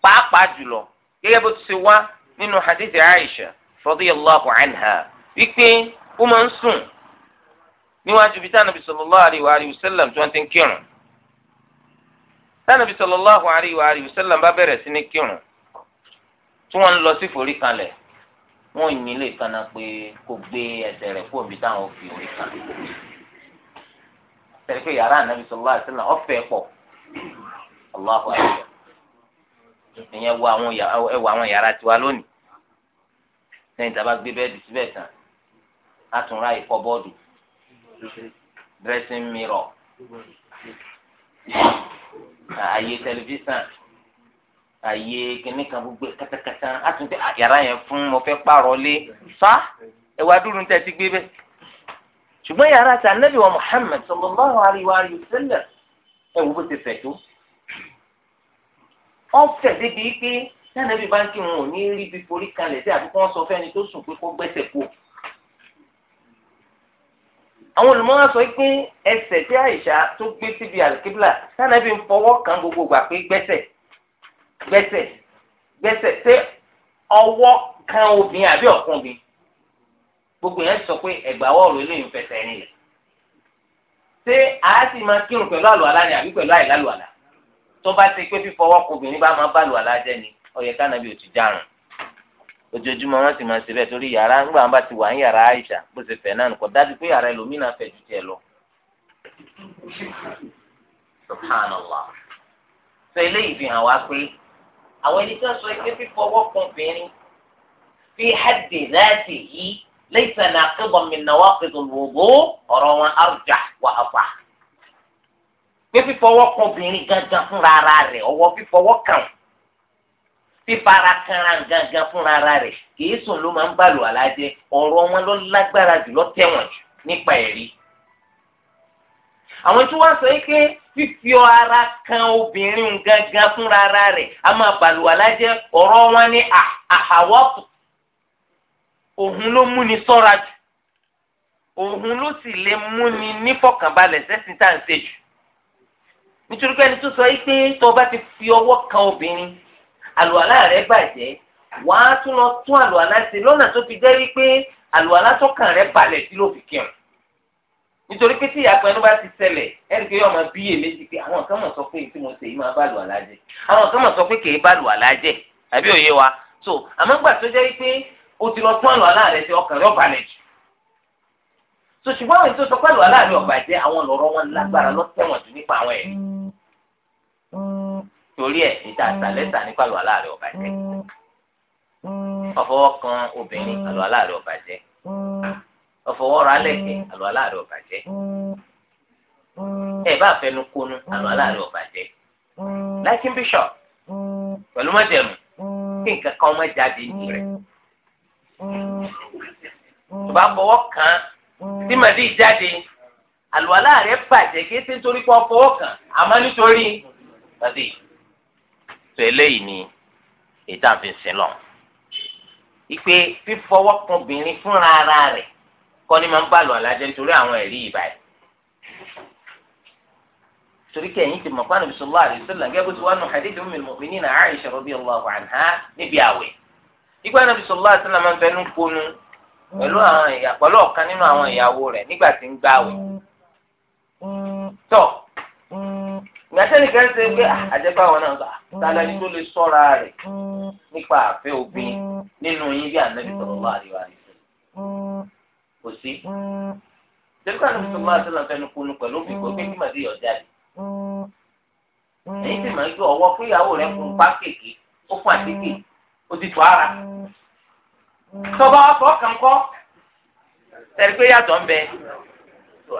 pàápàá jùlọ gẹ́gẹ́ bó ti ṣe wá nínú hadith Aisha radiyallahu anha wípé ó máa ń sùn níwájú bíi tánàbí sallallahu alayhi wa sallam tí wọ́n ti ń kírun tánàbí sallallahu alayhi wa sallam bá bẹ̀rẹ̀ sí ní kírun tí wọ́n ń lọ sí forí kanlẹ̀ wọ́n yìn lè kanna pé kò gbé ẹsẹ̀ rẹ̀ kó tẹ̀lé pé yàrá ànábi sọlá àti náà ọ̀fẹ́ pọ̀ Allahu akbar ìyẹn wo àwọn ẹwà àwọn yàrá tiwa lónìí lẹ́yìn tí a bá gbé bẹ́ẹ̀dì tán a tún ra dressing mirror ààyè tẹlifíṣàn ààyè kìnnìkan gbogbo kátàkátà a tún tẹ yàrá yẹn fún mo fẹ́ pààrọ̀ lé fa ẹwà dúró ń tẹ́ ti gbé bẹ́ẹ̀ ṣùgbọ́n yàrá ti anabi wa muhammed sallallahu alayhi wa sallam ẹ wo bó ti fẹ̀ tó wọ́n fẹ̀ débi pé tẹ́lẹ̀bí bá ń kí wọn ò ní rí bí forí kalẹ̀ sí àbí kí wọ́n sọ fẹ́ni tó sùn pé kó gbẹ́sẹ̀ kú. àwọn olùmọ̀ràn sọ pé ẹsẹ̀ tí àìsà tó gbé síbi àlùkíbìlà tẹ́lẹ̀bí ń fọwọ́ kan gbogbo gbà pé gbẹ́sẹ̀ gbẹ́sẹ̀ gbẹ́sẹ̀ pé ọwọ́ kan obìnrin àbí ọ̀kan gbogbo yẹn sọ pé ẹgbàáwọ ọ̀rọ̀ eléyìí ń fẹsẹ̀ ẹni lẹ ṣé àásì máa kírun pẹ̀lú àlùwàlá ni àbí pẹ̀lú àìlálùwàlá tó bá ti pé fífọwọ́ kọ obìnrin bá máa bá àlùwàlá jẹ ni ọyẹ kánábì ò ti dárùn ojoojúmọ́ wọn sì máa ṣe bẹ́ẹ̀ torí yàrá ńgbà wọn bá ti wà ń yàrá àìsà bó ṣe fẹ́ náà nìkan dájú pé yàrá ẹlòmínà fẹ́ ju tiẹ̀ lọ. subhanallah sọ eléyìí fi hàn wá pé àwọn ẹni tó ń sọ pé fífọwọ́ kọ fi hàdè láti yìí ليس ناقضا من نواقض الوضوء ọ̀rọ̀ wọn arjah wa afah pé fífọwọ́ ara rẹ̀ ọwọ́ fífọwọ́ kan fífara ara rẹ̀ kìí sùn ló máa ń bàlù alájẹ ọ̀rọ̀ alaje ló àwọn tí wọ́n sọ pé fífi ara kan obìnrin gangan fúnra ara a máa wọn òun ló múni sọ́ra jù òun ló sì lè múni nífọ̀kànbalẹ̀ sẹ́sìn tá à ń ṣe nítorí pé ẹni tó sọ yìí pé tó o bá ti fi ọwọ́ kan obìnrin àlùwàlá rẹ bàjẹ́ wàá tún lọ tún àlùwàlá ṣe lọ́nà tó fi jẹ́ wípé àlùwàlá tó kàn rẹ balẹ̀ sí ló fi kírun nítorí pé tí ìyàpẹ́ ló bá ti ṣẹlẹ̀ ẹni pé ọmọ bíyè méjì pé àwọn kan mọ̀ sọ pé tí mo ṣe yìí máa bá àlùwàlá jẹ́ àwọn kan mọ̀ sọ pé kì í bá àlùwàlá jẹ́ àbí òye wa so àmọ́ gbà tó jẹ́ wípé o ti lọ tún àlọ́ aláàrẹ ti ọkàn rẹ jù so ṣùgbọ́n àwọn ètò sọ àlọ́ aláàrẹ ọ̀bàjẹ́ àwọn lọ́rọ́ wọn lágbára lọ́tẹ̀wọ̀n jù nípa àwọn ẹ̀rí torí ẹ̀ níta àtàlẹ́sà nípa àlọ́ aláàrẹ ọ̀fọwọ́ kan obìnrin àlọ́ aláàrẹ ọ̀bàjẹ́ ọ̀fọwọ́ ra lẹ́kẹ̀ àlọ́ aláàrẹ bá fẹnu kónú àlọ́ aláàrẹ pẹ̀lú mọ́jẹ̀mú kí nǹkan kan jáde tó bá fọwọ́ kàn án tí mm. màdí jáde àlùwàlá rẹ̀ bàjẹ́ kí ẹsẹ̀ nítorí pé ọ fọwọ́ kàn àmọ́ nítorí màdí. tó eléyìí ni ètò àfihàn lọ ìpè fífọwọ́ kan obìnrin fúnra ara rẹ̀ kọ́ ni máa ń bá àlùwàlá jẹ́ nítorí àwọn ẹ̀rí ìbáyìí torí kẹ́yìn ti mọ̀ fún ànàbì sọ̀rọ̀ àdìsílẹ̀ gẹ́gẹ́ bó ti wá nù hadith ummul mu'minin Aisha anha níbi àwẹ̀. ìgbà ànàbì sọ̀rọ̀ àdìsílẹ̀ máa ń fẹnu kónú pẹ̀lú àwọn ìyá pẹ̀lú ọ̀kan nínú àwọn ìyàwó rẹ̀ nígbà tí ń gbààwẹ̀ tọ̀ ìgbàsẹ́ni kan ṣe pé àjẹpá ah, wọn náà gbà tálẹ́ ní tó lè sọ́ra rẹ̀ nípa àfẹ́ òbí nínú yín bí ànábì sallallahu alaihi wasallam kò sí. ṣèlú kan níbi sọ̀rọ̀ àti ìlànà fẹnu kunu pẹ̀lú òbí kò gbé kí màdé yọ̀ jáde. èyí sì máa ń gbé ọwọ́ fún ìyàwó rẹ̀ fún pákéèké ó fún àtíkè ó ti tù ara tọba afọ kankọ tẹ̀lé pé yàtọ̀ ń bẹ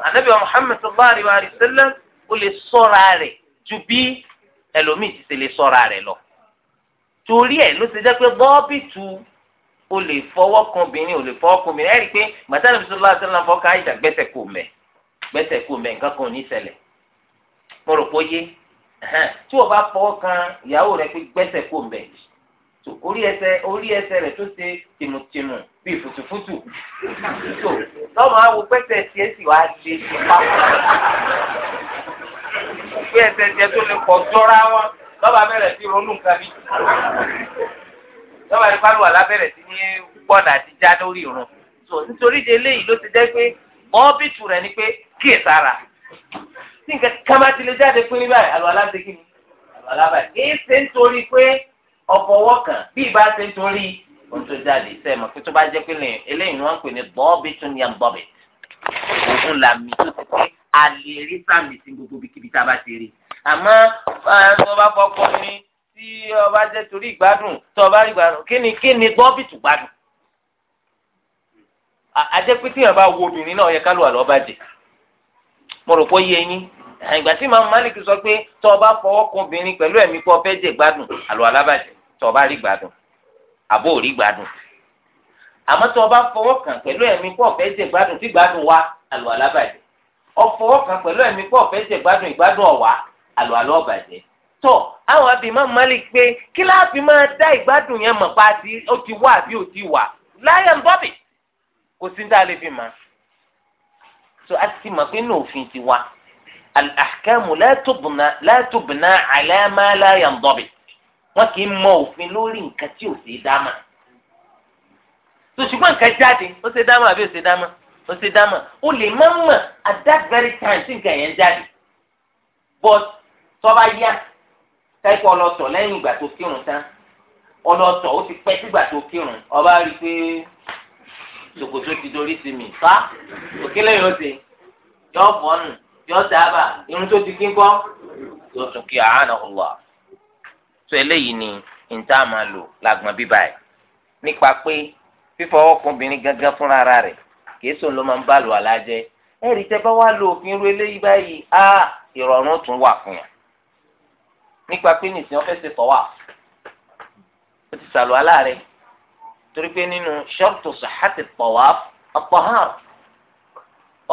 anabi wa muhammed sallallahu alayhi wa sallam ó lè sọ́ra rẹ̀ ju bí ẹlòmíì ti ṣe lè sọ́ra rẹ̀ lọ torí ẹ̀ ló ṣe jẹ́ pé bọ́ọ̀bìtù ó lè fọwọ́ kan obìnrin ó lè fọwọ́ kan obìnrin ẹ̀ rí i pé màtá nàbí sallallahu wa sallam fọ́ ìjà gbẹ́sẹ̀ kò mẹ́ gbẹ́sẹ̀ kò mẹ́ nǹkan kan ò ní ṣẹlẹ̀ mo rò pé ó yé tí o bá fọwọ́ kan ìyàwó rẹ pé gbẹ́sẹ̀ kò mẹ́ so orí ẹsẹ̀ orí ẹsẹ̀ rẹ̀ tó ṣe tìmùtìmù bíi fùtùfùtù so lọ́mọ àwọn pẹ́sẹ̀ tiẹ̀ sì wá di pápá pé ẹsẹ̀ tiẹ̀ tó lè pọ̀ jọra wọn lọ́ba bẹ̀rẹ̀ sí ronú nǹkan mi lọ́ba ìpàlù wà lábẹ́rẹ̀ sí ní gbọ́dọ̀ àti já lórí irun so nítorí de eléyìí ló ti jẹ́ pé mọ́ọ́bìtù rẹ̀ ni pé kíyè sára tí nǹkan kámá ti lè jáde pín ní báyìí àlọ́ aláǹdé kí ni àlọ́ alábàá kì í ṣe nítorí pé ọ̀fọwọ́ kan bí ìbá ṣe torí o tó jáde sẹ́mọ̀ pé tó bá jẹ́ pé eléyìí ni wọ́n ń pè ní bọ́ọ̀bì tún ní àbọ̀bì òun là mí tó ti pé a lè rí sàmì sí gbogbo ibikíbi tá a bá ti rí àmọ́ tó bá kọ́kọ́ ní tí ọba jẹ́ torí ìgbádùn tó ọba rí ìgbádùn kí ni kí ni bọ́ọ̀bì tún gbádùn àjẹ́ pé tíyàn bá wo obìnrin náà yẹ ká àlọ́ bàjẹ́ mo rò pé yé yín ìgbà tí màmú Málíkì sọ pé tó ọba fọwọ́ kan obìnrin pẹ̀lú ẹ̀mí pọ̀ fẹ́ jẹ́ gbádùn àlọ́ alábàjẹ́ tó bá rí gbádùn àbó rí gbádùn àmọ́ tó bá fọwọ́ kàn pẹ̀lú ẹ̀mí pọ̀ fẹ́ jẹ gbádùn tí gbádùn wá àlùwàlá bàjẹ́ ó fọwọ́ kàn pẹ̀lú ẹ̀mí pọ̀ fẹ́ jẹ gbádùn ìgbádùn ọ̀wá àlùwàlá ó bàjẹ́ tó àwọn abìmọ̀ malik pé kí láàfin máa dá ìgbádùn yẹn mọ̀ pa ti ó ti wá àbí ó ti wà láyé ń bọ́bì kò sí dá lè fi mọ́ so a ti mọ̀ pé inú òfin ti wá al-ahkamu la tubna la tubna ala wọn kì í mọ òfin lórí nǹkan tí ò ṣe é dámà tó ṣùgbọ́n nǹkan jáde ó ṣe dámà àbí ó ṣe dámà ó ṣe dámà ó lè má mọ̀ at that very time tí nǹkan yẹn jáde but tọ́ba yá káyipọ̀ ọlọ́tọ̀ lẹ́yìn ìgbà tó kírun tán ọlọ́tọ̀ ó ti pẹ́ sígbà tó kírun ọba rí i pé ṣòkòtò ti dorí sí mi fa òkèlè yóò ṣe yọ fọ́ọ̀nù yọ sábà irun tó ti kí ń kọ́ yóò tún kí àánà ọ̀la tó eléyìí ni níta máa lò lágbọn bíbá ẹ̀ nípa pé fífọwọ́ kun obìnrin gangan fúnra ara rẹ̀ kìí sòun ló máa ń bá lò alájẹ ẹ̀rí tẹ́ bá wá lo òfin irú eléyìí báyìí á ìrọ̀rùn tún wà fún yàn nípa pé nìsín ọ́fẹ́ ṣe tọ́wà ó ti sàlù aláàrẹ̀ torí pé nínú ṣọ́ọ̀tù sàhátì tọ̀wá ọ̀pọ̀ hàn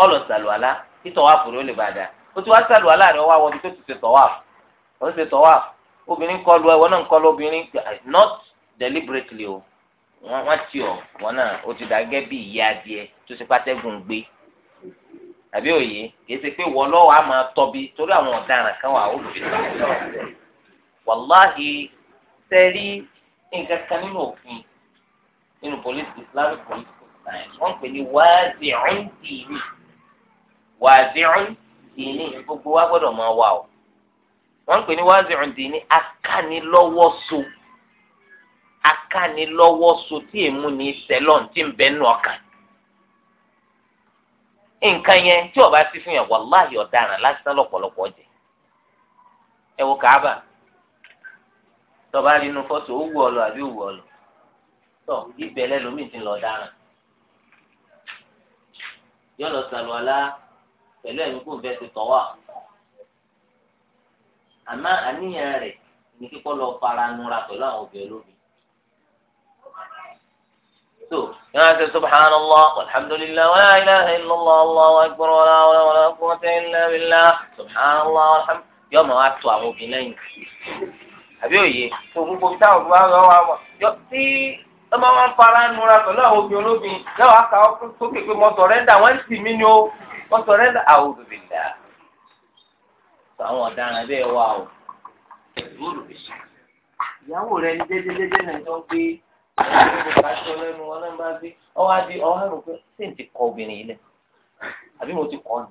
ọ̀lọ̀ sàlù alá kí tọ̀wá fòrò lè bàdà ó ti wá sàlù aláàrẹ̀ ọwọ́ àwọn ibi tó ti ṣe tọ̀wá ó obìnrin kọlu ẹ wọn náà kọlu obìnrin not deliberately o wọn ti ọ wọn náà o ti dà gẹ́gẹ́ bí ìyá adìẹ tó ti pátẹ́gùn gbé àbí òye kìí ṣe pé wọ́n lọ́wọ́ á máa tọ́bi torí àwọn ọ̀daràn kan wà olùfisà wàláhì sẹ́rí nǹkan kan nínú òfin nínú police islamic political science wọ́n ń pè ní wáàzì ọ̀hún tìní wáàzì gbogbo wa gbọ́dọ̀ máa wà o wọn ń pè ní wáṣíùn dì ní akánilọ́wọ́so akánilọ́wọ́so tí èmu ní sẹ́lọ̀n tí ń bẹ nù ọkàn nǹkan yẹn tí ó bá sí fún yàn wàláhì ọ̀daràn lásán lọ́pọ̀lọpọ̀ jẹ ẹ àbí tọ ti lọ sàlùwàlá kò àmọ́ àníyàn rẹ̀ ní kíkọ́ lọ fara nura pẹ̀lú àwọn obìnrin olóbi. so yàrá ṣe subhanallah alhamdulilah wa la ilaha illallah allahu akbar wa la hawla wa la quwwata illa billah subhanallah alhamdulilah yọ ma wá tó àwọn obìnrin lẹ́yìn àbí òye tó gbogbo táwọn òbí wa lọ wà wọ yọ tí ọmọ wọn fara nura pẹ̀lú àwọn obìnrin olóbi yọ wá kà sókè pé mo sọ̀rẹ́ndà wọ́n sì mí ni ó mo sọ̀rẹ́ndà àwọn obìnrin dáa. àwọn ọ̀daràn bẹ́ẹ̀ wà o ìyàwó rẹ ní dédédédé náà tó ń gbé ọ̀rọ̀ aṣọ lẹ́nu wọn náà bá gbé ọwọ́ adé ọwọ́ àrùn pé ṣé n ti kọ obìnrin yìí lẹ̀ àbí mo ti kọ́ ni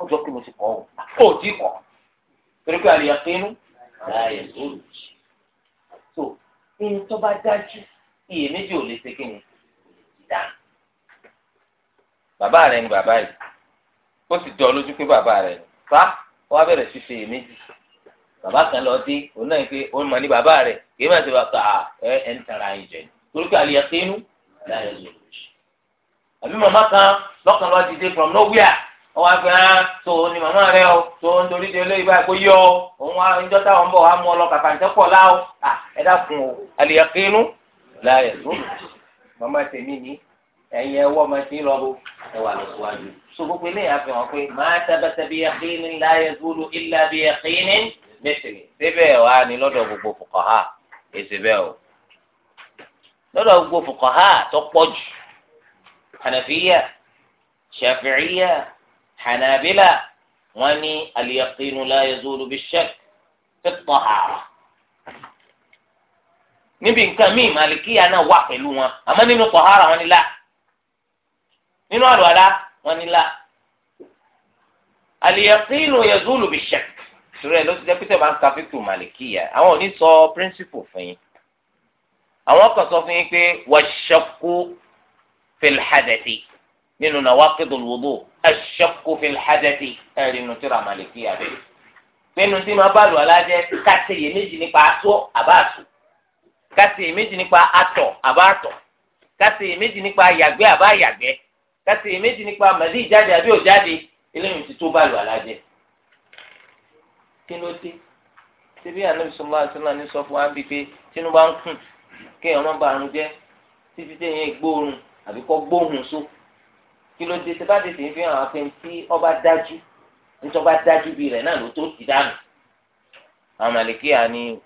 ó jọ pé mo ti kọ́ o kò kọ́ torí pé àlèyàn pinnu láàyè lóru tó ní tó bá dájú iyèméjì ò lè ṣe kí ni dá lójú pé bàbá rẹ ni wọ́n á bẹ̀rẹ̀ ṣíṣe èméjì bàbá kan lọ dé òun náà pé òun mọ̀ ní bàbá rẹ̀ kì í má ti bàbá ẹ ẹ ń tara ẹ̀ jẹ torí pé àlìyẹ kínú láyé lò àbí màmá kan lọ́kàn lọ́ọ́ dìde from nowhere ọwọ́ afẹ́ hàn tó o ní màmá rẹ o tó o ń torí de olóyìnbó àìkó yọ o òun wa ìjọ táwọn ń bọ̀ wá mú ọ lọ kàkà ǹjẹ́ pọ̀ láò à ẹ dákun o àlìyẹ kínú láyé lò màmá tèmi ní ẹ̀yin ẹwọ́ ọmọ ẹ̀sìn lọ́bù ẹ wà lọ́síwájú. so gbogbo eléyà fi hàn pé máa tabata bí yaqinin la yazulu illa bí yaqinin mẹsìlẹ̀. síbẹ̀ wà ní lọ́dọ̀ gbogbo fuqaha èsì bẹ́ẹ̀ o. lọ́dọ̀ gbogbo fuqaha tó pọ̀ jù hanafiya shafi'iya hanabila wọn ní aliyaqinu la yazulu bí shak fi tahara níbi nǹkan míì màlìkíyà náà wà pẹ̀lú wọn àmọ́ nínú tahara wọn ni láà nínú àlùwàlá wọn ní là àlìyàkínú yazulu bi shak ìṣúrẹ́ ló ti jẹ́ pété máa ń ka fíkù màlìkíyà àwọn ò ní sọ píríncípù fún yín àwọn kan sọ fún yín pé wàṣẹkù fìlhàdẹtì nínú nawaqidul wudu àṣẹkù fìlhàdẹtì ẹ̀rí nu tíra màlìkíyà bẹ́ẹ̀ pinnu tí máa bá lù alájẹ kàtẹ́yẹ méjì nípa atọ́ àbáàtò kàtẹ́yẹ méjì nípa atọ̀ àbáàtọ̀ kàtẹ́yẹ méjì nípa yàgbẹ́ àbáyàgbẹ́ kásì méjì nípa màdí ìjáde àbí òjáde eléyìí ti tó báàlù alájẹ kí ló dé síbí ànábì sọlá àtúnlá ní sọ fún wa bíi pé tínú bá ń kùn kí ọmọ bá àrùn jẹ títí téèyàn gbóòórùn àbí kọ gbóòórùn so kí ló dé síbá tètè ń fi hàn àpè tí ọba dájú nítorí ọba dájú bíi rẹ náà ló tó ti dànù àwọn màlìkíyà ni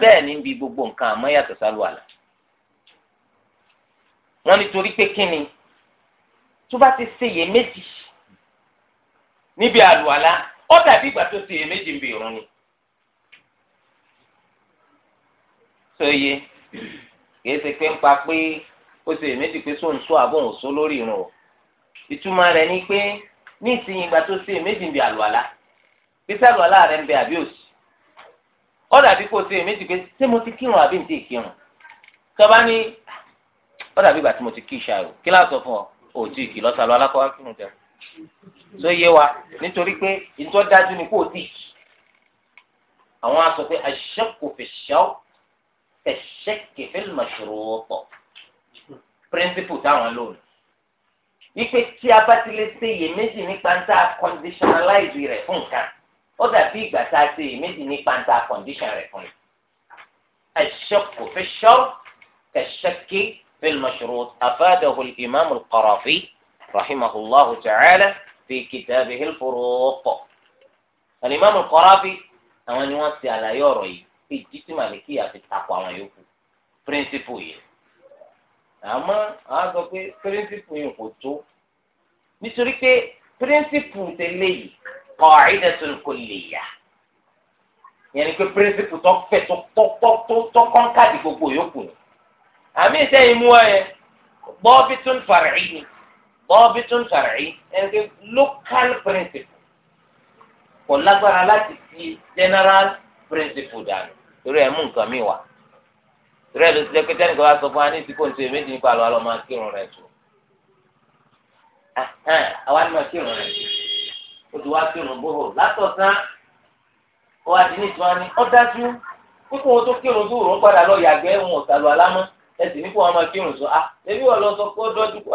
bẹ́ẹ̀ ni bí gbogbo nǹkan àmọ́ yàtọ̀ sálùwàlà wọ́n ní torí pé kí ni tó bá ti ṣe iyèméjì níbi àlùwàlá ó dàbí ìgbà tó ṣe iyèméjì níbi ìrun ni. sọye kìí ṣe pé ń pa pé ó ṣe iyèméjì pé sóun sọ àbọ̀ òun sọ lórí ìrun o ìtumọ̀ rẹ̀ ni pé ní ìsinyìí ìgbà tó ṣe iyèméjì níbi àlùwàlá bí sàlùwàlá rẹ̀ ń bẹ àbí òsì ó dàbí kó ṣe iyèméjì pé ṣé mo ti kírun àbí ǹtí kírun tọ́ba ní ó dàbí ìgbà tí mo ti kí ìṣàrò kí láà sọ fún ọ òtí kì lọ́sàlọ́ alákọ̀wá kírun tẹ̀ tó yé wa nítorí pé ìtọ́ dájú ni kò tí kì àwọn aṣọ pé aṣẹ́kù fìṣọ́ kẹṣẹ́kì fílmù ṣòro pọ̀ píríncípù táwọn lò ní. wípé tí a bá ti lè ṣe iyèméjì nípa ń tá a conditionalize rẹ̀ fún nǹkan ó dàbí ìgbà tá a ṣe iyèméjì nípa ń tá a condition rẹ̀ fún un. aṣẹ́kù fìṣọ́ kẹṣẹ́kì. في المشروط أفاده الإمام القرافي رحمه الله تعالى في كتابه الفروق الإمام القرافي أمان يوصي على يوري في جيت مالكية في التقوى ما يوفو برنسيبوية أما هذا في برنسيبوية قلتو نسوريك برنسيبو تلي قاعدة الكلية يعني كل برنسيبو توقف توقف àmì ìtẹ́yìn mú ọ yẹn bọ́ọ̀bì tún fàrẹ̀ yìí bọ́ọ̀bì tún fàrẹ̀ yìí local kò lágbára láti fi general principle dànù torí ẹ̀ mú nǹkan mi wá torí ẹ̀ ló ti jẹ́ pé tẹ́nìkan bá sọ fún wa ní ìsìnkú ní méjì nípa àlọ́ àlọ́ máa rẹ̀ tó àwa ni máa kírun rẹ̀ tó o ti wá látọ̀sán dájú pípọ̀ wọn tó kírun ń padà lọ yàgbẹ́ ẹsì ní kó wọn máa kírun sọ ah ẹbí wọn lọ sọ pé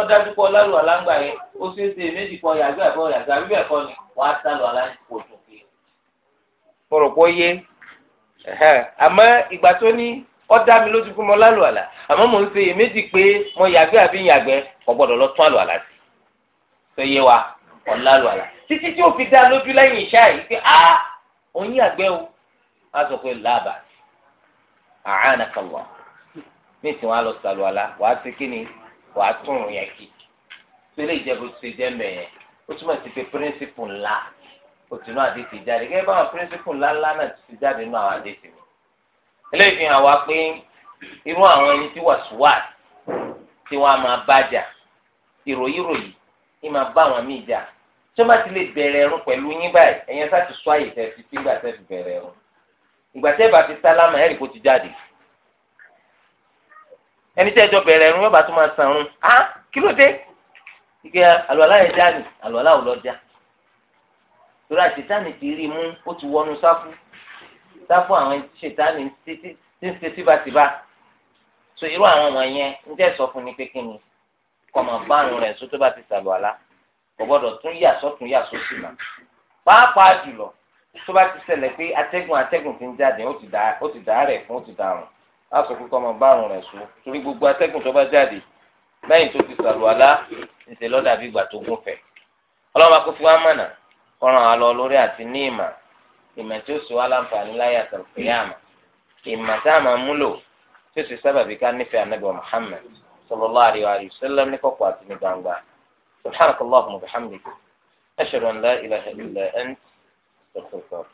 ọdájú pọ lálù aláǹgbà yẹn ó ṣeé ṣe méjì kan yàgbé ẹ̀fọ́ yàgbé àbí bẹ́ẹ̀ kọ́ ni wọ́n á sálù aláǹgbò tó kí. mo rò pé ó yé àmọ́ ìgbà tó ní ọdá mi lójú fún mọ lálù àlà àmọ́ mò ń ṣe èméjì pé mo yàgbé àbí yàgbé kò gbọ́dọ̀ lọ tún àlù àlà sí tó yé wa kò lálù àlà títí tí ó fi dá lójú lẹ́yìn ìṣá yìí pé a ah, òun yàgbé o a sọ pé làbà àánà kan wà ní ìsìn wa lọ sàlùwàlà wàá ti kí ni wàá tún un yẹn kí sílé ìjẹ́bù ti jẹ́ mẹ́yẹn ó túmọ̀ sí pé píríncípù ńlá òtún náà àdéhìí jáde gẹ́gẹ́ báwọn píríncípù ńlá ńlá náà ti ti jáde nínú àwọn àdéhìí mi eléyìí fi hàn wá pé irú àwọn ẹni tí wàsíwàsí tí wọ́n á máa bájà ìròyìnròyìn ní máa bá àwọn míì jà tí wọ́n bá ti lè bẹ̀rẹ̀ ẹ̀rùn pẹ̀lú yín báyìí ẹ̀yẹn sá ti sọ àyè tẹ̀ fi sígbà fi bẹ̀rẹ̀ ẹ̀rùn ìgbà bá ti sálámà ẹ̀rì kó ti jáde ẹni tí ẹjọ bẹ̀rẹ̀ ẹrun yọba tó máa san ọrùn á kí ló dé ike àlùwàlá yẹn já ni àlùwàlá ò lọ já torí àṣetáni ti rí mú ó ti wọnú sáfù sáfù àwọn ṣètáni ti ń ṣe síbàṣíbà so irú àwọn ọmọ yẹn ń jẹ́ sọ fún ni pé kí ni kọ̀mọ̀ báàrùn rẹ̀ sótó bá ti sàlùwàlá kò gbọ́dọ̀ tún yà sọ́tún yà sósì mà pàápàá jùlọ tó bá ti ṣẹlẹ̀ pé atẹ́gùn atẹ́gùn ti ń jáde ó ti dà rẹ̀ fún ó ti dà rùn aṣọ kíkọ́ máa bá àrùn rẹ̀ sùn torí gbogbo atẹ́gùn tó bá jáde lẹ́yìn tó ti sàlùwàlá ńṣe lọ́dà bí ìgbà tó gùn fẹ̀. ọlọ́run akó fún wa mọ̀nà kọ́ran wa lọ lórí àti ní ìmà ìmà tí ó sọ wá láǹfààní láyé àtàlùfẹ́yàmà ìmà tá a máa múlò tí ó sì sábàbí ká nífẹ̀ẹ́ anábì Muhammad sallallahu alaihi wa sallam ní kọ̀kọ̀ àti ní gbangba subhanakallahumma wa bihamdika ashhadu an la ilaha illa ant astaghfiruka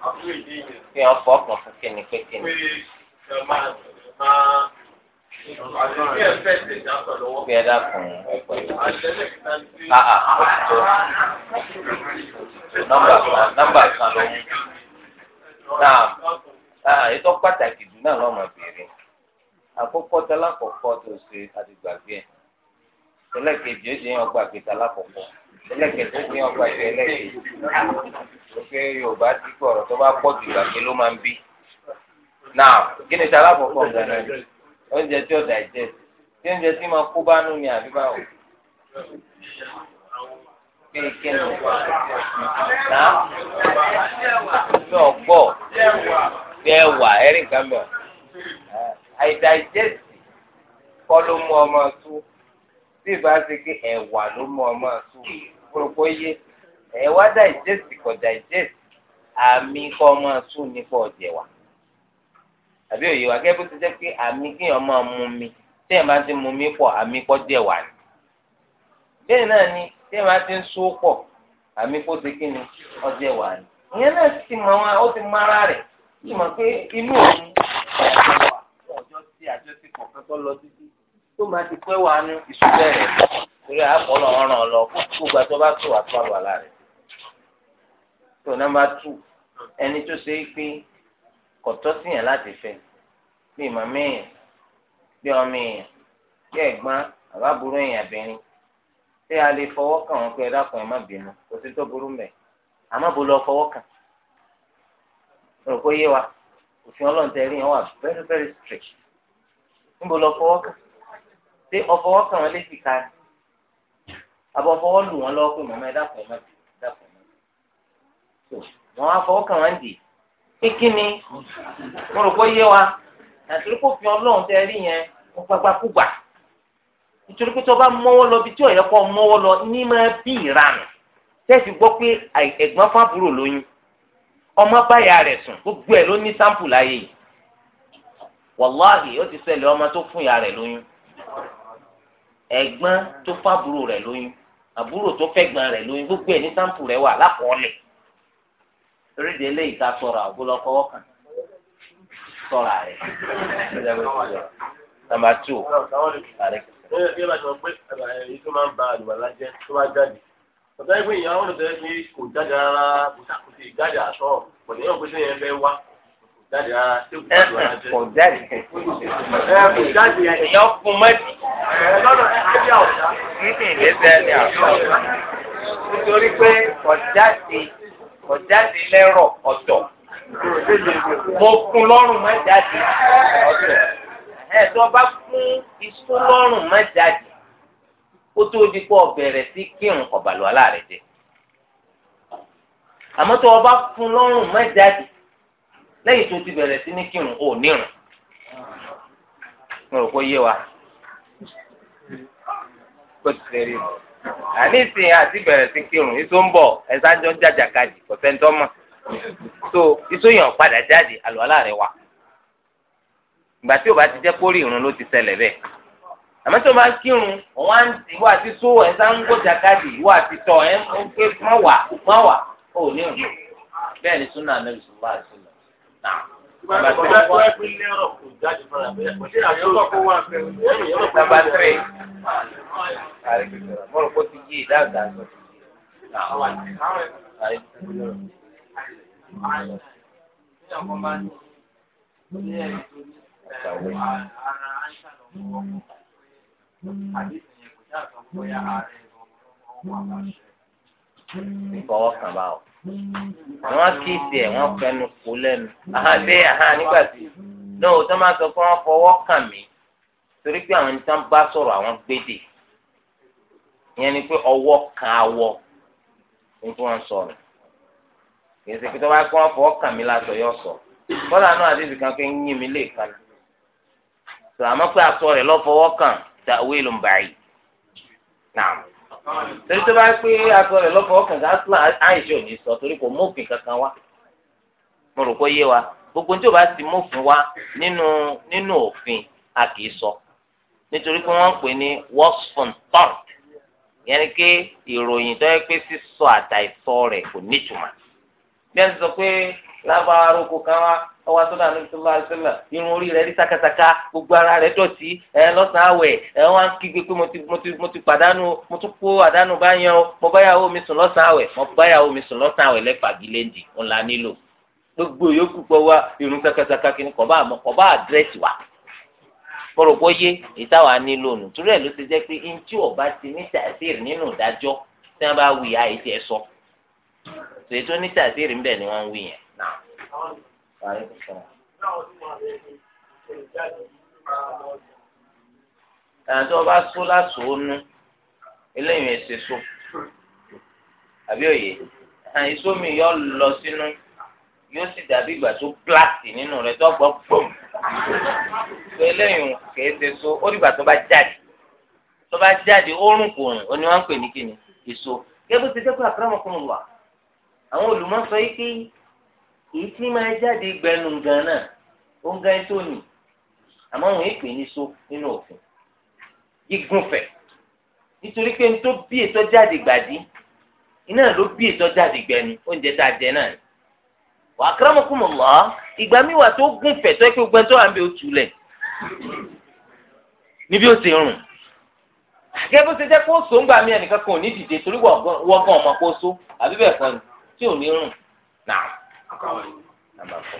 fi hàn fọkàn fún kíni pé kíni. Bí ẹ dákun ẹ̀pọ̀ yìí. Ah, ah, ah, nọ́mbà kan nọ́mbà kan ló mú. Náà ètò pàtàkì jù náà lọ́mọ bèrè. Àkókò tẹ́lá kọ̀ọ̀kọ́ tó ṣe àdìgbàgbé ẹ̀. Tẹ́lẹ̀ kejì ó ṣe yàn gbàgbé tẹ́lá kọ̀ọ̀kọ́ ẹlẹ́kẹ̀tẹ́ ní ọgbà ìfẹ́ ẹlẹ́kẹ̀ẹ́ òfin yorùbá ti kọ̀ ọ̀rọ̀ tó bá pọ̀ jù gbàgbé ló máa ń bí. náà kí ni sara àkọ́kọ́ gánà yìí oúnjẹ tí ó dàjẹ́ tí oúnjẹ tí máa kó bá nù ní àdúgbò pé kí ni náà mi ò gbọ́ bí ẹwà ẹ̀rí nǹkan mọ̀ kọ́ ló mú ọmọ tó bí ìbá ṣe pé ẹ̀wà ló mọ ọmọ sùn kúròpọ̀ yé ẹ̀wà digest kò digest àmì kọ́ ọmọ sùn ní kò jẹ̀wà àbí òye wa kẹ́ bó ti jẹ́ pé àmì kéèyàn máa mú mi téèyàn bá ti mú mi pọ̀ àmì kọ́ jẹ̀wà ni bẹ́ẹ̀ náà ni téèyàn bá ti ń sún pọ̀ àmì kó ti kí ni ọjọ́ ẹ̀wà ni ìyẹn náà ti mọ wọn ó ti mọ ara rẹ̀ yìí pé inú òun ọjọ́ tí àjọṣepọ̀ kan lọ títí tó máa ti pẹ́ wà ní ìṣúlẹ̀ rẹ̀ torí àpọ̀lọ̀ ọ̀ràn lọ kó gba tó bá tó àtúwàlù àlá rẹ̀. tó nọ́mbà tù ẹni tó ṣe é pé kọ̀tọ́ sí yàn láti fẹ́ bí màmí èèyàn bí ọmọ èèyàn bí ẹ̀gbọ́n àbábúrò èèyàn bìnrin ṣé a lè fọwọ́ kàn wọ́n pé ẹ dákun ẹ má bínú kò sí tó burú mẹ́ àmọ́ bó lọ fọwọ́ kàn rò pé yé wa òfin ọlọ́run yẹn wà very very strict níbo lọ fọwọ́ kàn. ṣé ọfọwọ́ kàn wọ́n létí ká ní àbọ̀ ọfọwọ́ lù wọ́n lọ́wọ́ pé ẹ wa àtúrò kò fi ọlọ́run tẹ yẹn kú gbà pé bá kọ́ mọ́wọ́ lọ ní máa bí gbọ́ pé ẹ̀gbọ́n lóyún ọmọ báyà rẹ̀ sùn gbogbo ẹ̀ ló ní sáǹpù láyé yìí wàláhì ó ẹ̀gbọ́n tó fábùrò rẹ̀ lóyún àbúrò tó fẹ́gbọ́n rẹ̀ lóyún gbogbo ẹ̀ ní sáǹpù rẹ̀ wà lákọọ́lẹ̀ torí de eléyìí ká sọ̀rọ̀ àgbọ̀lọ̀ fọwọ́ kàn sọ̀rọ̀ rẹ̀. nàmbà tù bí ẹ bá ti mọ pé èyí tó máa ń ba àlùbàlà jẹ tó bá jáde ọ̀tá ìpín ìyàwó lọ́tẹ̀ẹ́ pé kò jáde rárá kò sí ìjáde àtọ̀ kò ní pé sẹ́yìn ẹ fẹ́ wá jáde rárá tí kò jáde. kò jáde. ẹ kò jáde yẹn. èèyàn fún mẹ́tì. lọ́dọ̀ ẹ ajá ọ̀dà. ìdẹ́sẹ̀ ni àṣọ. nítorí pé kò jáde kò jáde lẹ́rọ̀ ọ̀dọ̀. mo fún lọ́rùn má jáde ọ̀dọ̀. ẹ tó bá fún iṣu lọ́rùn má jáde ó tó di pé ọ̀bẹ̀rẹ̀ sí kírun ọ̀bàlúwa láàrẹ̀ jẹ. àmọ́ tó o bá fún lọ́rùn má jáde. lẹ́yìn tó ti bẹ̀rẹ̀ sí ní kírun ò nírun ti tẹ̀lé o àti bẹ̀rẹ̀ sí kírun iṣó ń bọ̀ ẹ̀sán jáde wà ìgbà o bá ti jẹ́ kórì irun ló ti sẹlẹ̀ bẹ́ẹ̀ àmọ́ bá kírun ọ̀wá ń tì wá ti só ẹ̀ ń kó jàkadì wá tọ̀ a náà. Nàbà bá ọ àwọn kéèsì ẹ̀ wọ́n fẹnu kó lẹ́nu àhán dé àhán nígbà tí náà ó tó máa sọ pé wọ́n fọwọ́ kàn mí torí pé àwọn ẹni tí wọ́n bá sọ̀rọ̀ àwọn gbédè ìyẹn ni pé ọwọ́ kan awọ ní tí wọ́n sọ̀rọ̀ kì í ṣe pé tó bá kọ́ wọ́n fọwọ́ kàn mí lásọ yọ sọ bọ́lá náà àdéhùn kan pé ń yín mi lè kan sọ àmọ́ pé àtọ rẹ̀ lọ́ fọwọ́ kàn tàwé ló ń bàyì náà torí tó bá pé aṣọ rẹ̀ lọ́fọ̀ọ́ kankan asla àìṣe òní sọ torí kò mófin kankan wá mo rò pé yé wa gbogbo tí bá ti mófin wá nínú nínú òfin a kì í sọ nítorí pé wọ́n pè ní wasfun tort yẹn ni pé ìròyìn tó yẹ pé sísọ àtàìsọ rẹ̀ kò nítumọ̀ bí wọ́n ti sọ pé lábàá aróko kan wá ọwọ́ àtúndà ní bisimilá àṣìlá irun orí rẹ̀ rí sakasaka gbogbo ara rẹ̀ dọ̀tí ẹ lọ́sàn-án àwẹ̀ ẹ wọ́n á kígbe pé mo ti mo ti mo ti pàdánù mo tún kó àdánù bá yan o mo báyàwó mi sùn lọ́sàn-án mo báyàwó mi sùn lọ́sàn-án àwẹ̀ lẹ́fàgì lẹ́ndì ńlá nílò gbogbo yòókù pọ̀ wá irun sakasaka kìíní kọ̀ bá àmọ́ kọ̀ wa kọ̀rọ̀pọ̀ yé ìtawà nílò nù torí ẹ̀ ló ti jẹ́ pé ntí ọba ti ní tàṣírí nínú ìdájọ́ tí wọ́n bá wí àìsí ètò ní ni wọ́n ẹ̀yìn tó o bá só lásò ó nú eléyìí ẹsẹ̀ so àbí òye ẹ̀yìn iṣó mi yọ lọ sínú yóò sì dàbí ìgbà tó pláàtì nínú rẹ̀ tó gbọ́ gbòm tó eléyìí kì í ṣe so ó dìgbà tó bá jáde tó bá jáde oorun kò rìn ó ní wọn ń pè ní kíni èso kébù ti dẹ́kun àkàràmọ̀kùnrin wà àwọn olùmọ̀ sọ yìí kí èyí tí máa jáde gbẹnu gan náà ó ń gan tó nì àmọ́ wọn èpè ní so nínú òfin gígùnfẹ̀ nítorí pé tó bí ètò jáde gbàdí iná ló bí ètò jáde gbẹnu oúnjẹ tá a jẹ náà wà á káràmọkùmọ lọ ìgbà míwà tó gùnfẹ̀ tó ẹ pé gbẹntọ à ń bẹ otu lẹ níbi ó ti rùn gẹ́gẹ́ bó ṣe jẹ́ kó so ń gbà mí ẹnìkan kan ò ní dìde torí wọ́gàn ọmọ kó so àbí bẹ́ẹ̀ tí ò ní rùn náà. Àkàwé nàmbà fọ.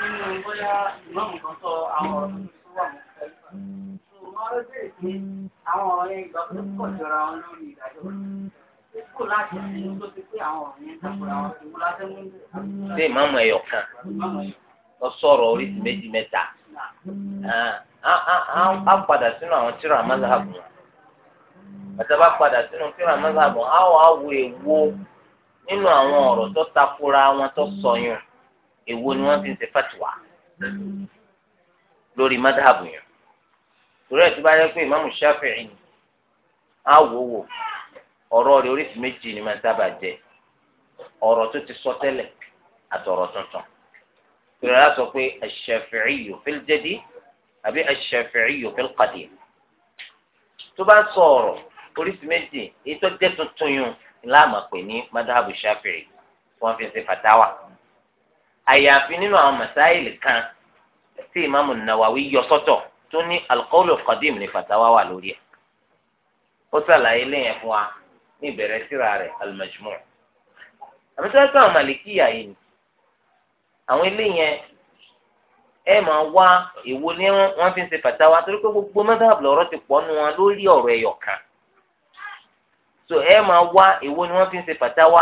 Nínú bóyá ìmọ̀mù kan sọ àwọn ọ̀rọ̀ tó wà ní Kẹ́lifà. Ṣùgbọ́n ó bèrè pé àwọn ọ̀rọ̀ yẹn ìgbà tó pọ̀ jọra wọn lórí ìdájọ́. Kó láti ṣe tó ti pé àwọn ọ̀rọ̀ yẹn takora wọn ti mú láti mú. Ṣé ìmáàmù ẹ̀yọ̀ kan? Lọ sọ̀rọ̀ oríṣi méjì mẹ́ta. Á padà sínú àwọn tíra mọ́láàbù. Bàtà bá padà sínú tíra mọ́láàbù, á nínú àwọn ọ̀rọ̀ tó takora wọn tó sọyún èwo ni wọ́n ti ń ṣe fatiwa lórí madhabu yẹn torí ẹ̀ tó bá yẹ pé ìmáàmù Shafi'i ni á wò wò ọ̀rọ̀ rẹ̀ oríṣi méjì ni máa sábà jẹ ọ̀rọ̀ tó ti sọ tẹ́lẹ̀ àtọ̀rọ̀ tuntun torí ẹ̀ sọ pé ash-Shafi'iyyu fil-jadi àbí ash-Shafi'iyyu fil-qadim tó bá sọ ọ̀rọ̀ oríṣi méjì èyí tó jẹ́ tuntun yìí láàmà pè ní madhabu shafi'i wọ́n fi ṣe fatawa àyàfi nínú àwọn masáìlì kan tí ìmáàmù Nawawi yọ sọ́tọ̀ tó ní alqawlu qadim ní fatawa wà lórí ẹ̀ ó sàlàyé lẹ́yìn fún wa ní ìbẹ̀rẹ̀ síra rẹ̀ al-majmu' àmì sọ́tọ̀ àwọn màlìkíyà yìí ni àwọn ilé yẹn ẹ máa wá èwo ni wọ́n fi ṣe fatawa torí pé gbogbo mẹ́tàbí lọ́rọ̀ ti pọ̀ nù wọn lórí ọ̀rọ̀ ẹ̀yọ̀ kan so ẹ máa wá èwo ni wọ́n fi ń ṣe fàtáwá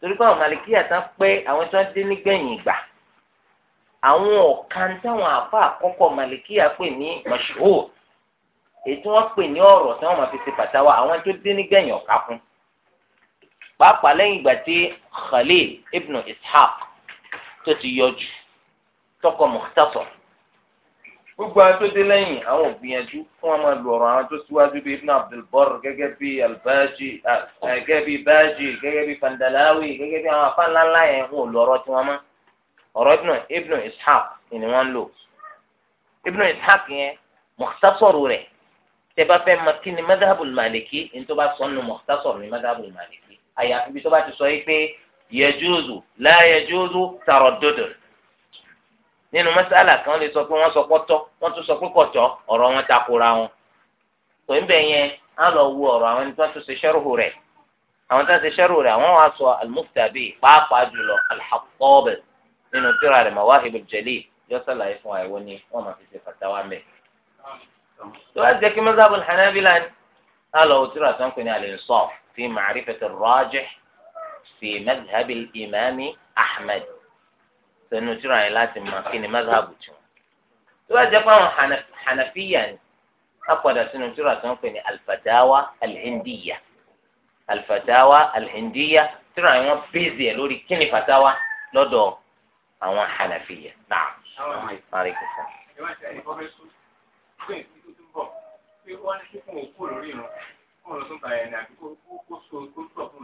torí pé àwọn màlìkíyà tán pé àwọn tí wọ́n dé nígbẹ̀yìn ìgbà àwọn ọ̀kan táwọn àfa àkọ́kọ́ màlìkíyà pè ní mọ̀ṣúhù èyí tí wọ́n pè ní ọ̀rọ̀ tí wọ́n máa fi ṣe fàtáwá àwọn tó dé nígbẹ̀yìn ọ̀ka fún pàápàá lẹ́yìn ìgbà tí Khalil ibn Ishaq tó ti yọjú tọkọ Mukhtasar gbogbo àwọn tó dé lẹ́yìn àwọn ògbìyànjú fún wọn máa lu ọ̀rọ̀ àwọn tó síwájú bíi ibn abdulbar gẹ́gẹ́ bíi albaji gẹ́gẹ́ bíi baji gẹ́gẹ́ bíi fandalawi gẹ́gẹ́ bíi àwọn afáńláńlá yẹn wọn ò lu ọ̀rọ̀ tiwọn mọ́ ọ̀rọ̀ ibn ibn ishaq ni wọ́n ń lò ibn ishaq yẹn mukhtasaru rẹ̀ tẹ́ bá fẹ́ mọ̀ ni madhabul maliki ní tó bá sọ nù mukhtasaru ní madhabul maliki àyàfi bí tó bá ti sọ yìí pé yajuzu la yajuzu nínú mọ́sálà kan lè sọ pé wọ́n sọ pọ́tọ́ wọ́n tún sọ pé kọ̀tọ́ ọ̀rọ̀ wọn takora wọn kò ń bẹ̀ yẹn á lọ wo ọ̀rọ̀ àwọn ẹni tó tún ṣe ṣẹ́rùhù rẹ̀ àwọn tó ń ṣe ṣẹ́rù rẹ̀ àwọn wàá sọ al-Muftabi pàápàá jùlọ al-Hattabi nínú tírà rẹ̀ Mawahibul Jalil yọ sàlàyé fún ni wọ́n máa fi ṣe fatawa mẹ́. tó bá jẹ́ kí mazhabu hanabila á lọ wo tírà tó ń pè ní al-Insaf fi Ma'rifati ar fi madhhabi imami Ahmad sẹ́nu tíra yẹn láti mọ kí ni mazhabu tí wọn. tó bá jẹ́ pé àwọn hànàfíyà ni a padà sínú tíra tó ń pè ní alfadawa alhindiya alfadawa alhindiya tíra yẹn wọ́n bèzì ẹ̀ lórí kí ni fatawa lọ́dọ̀ àwọn hànàfíyà. náà máa rí kẹsàn.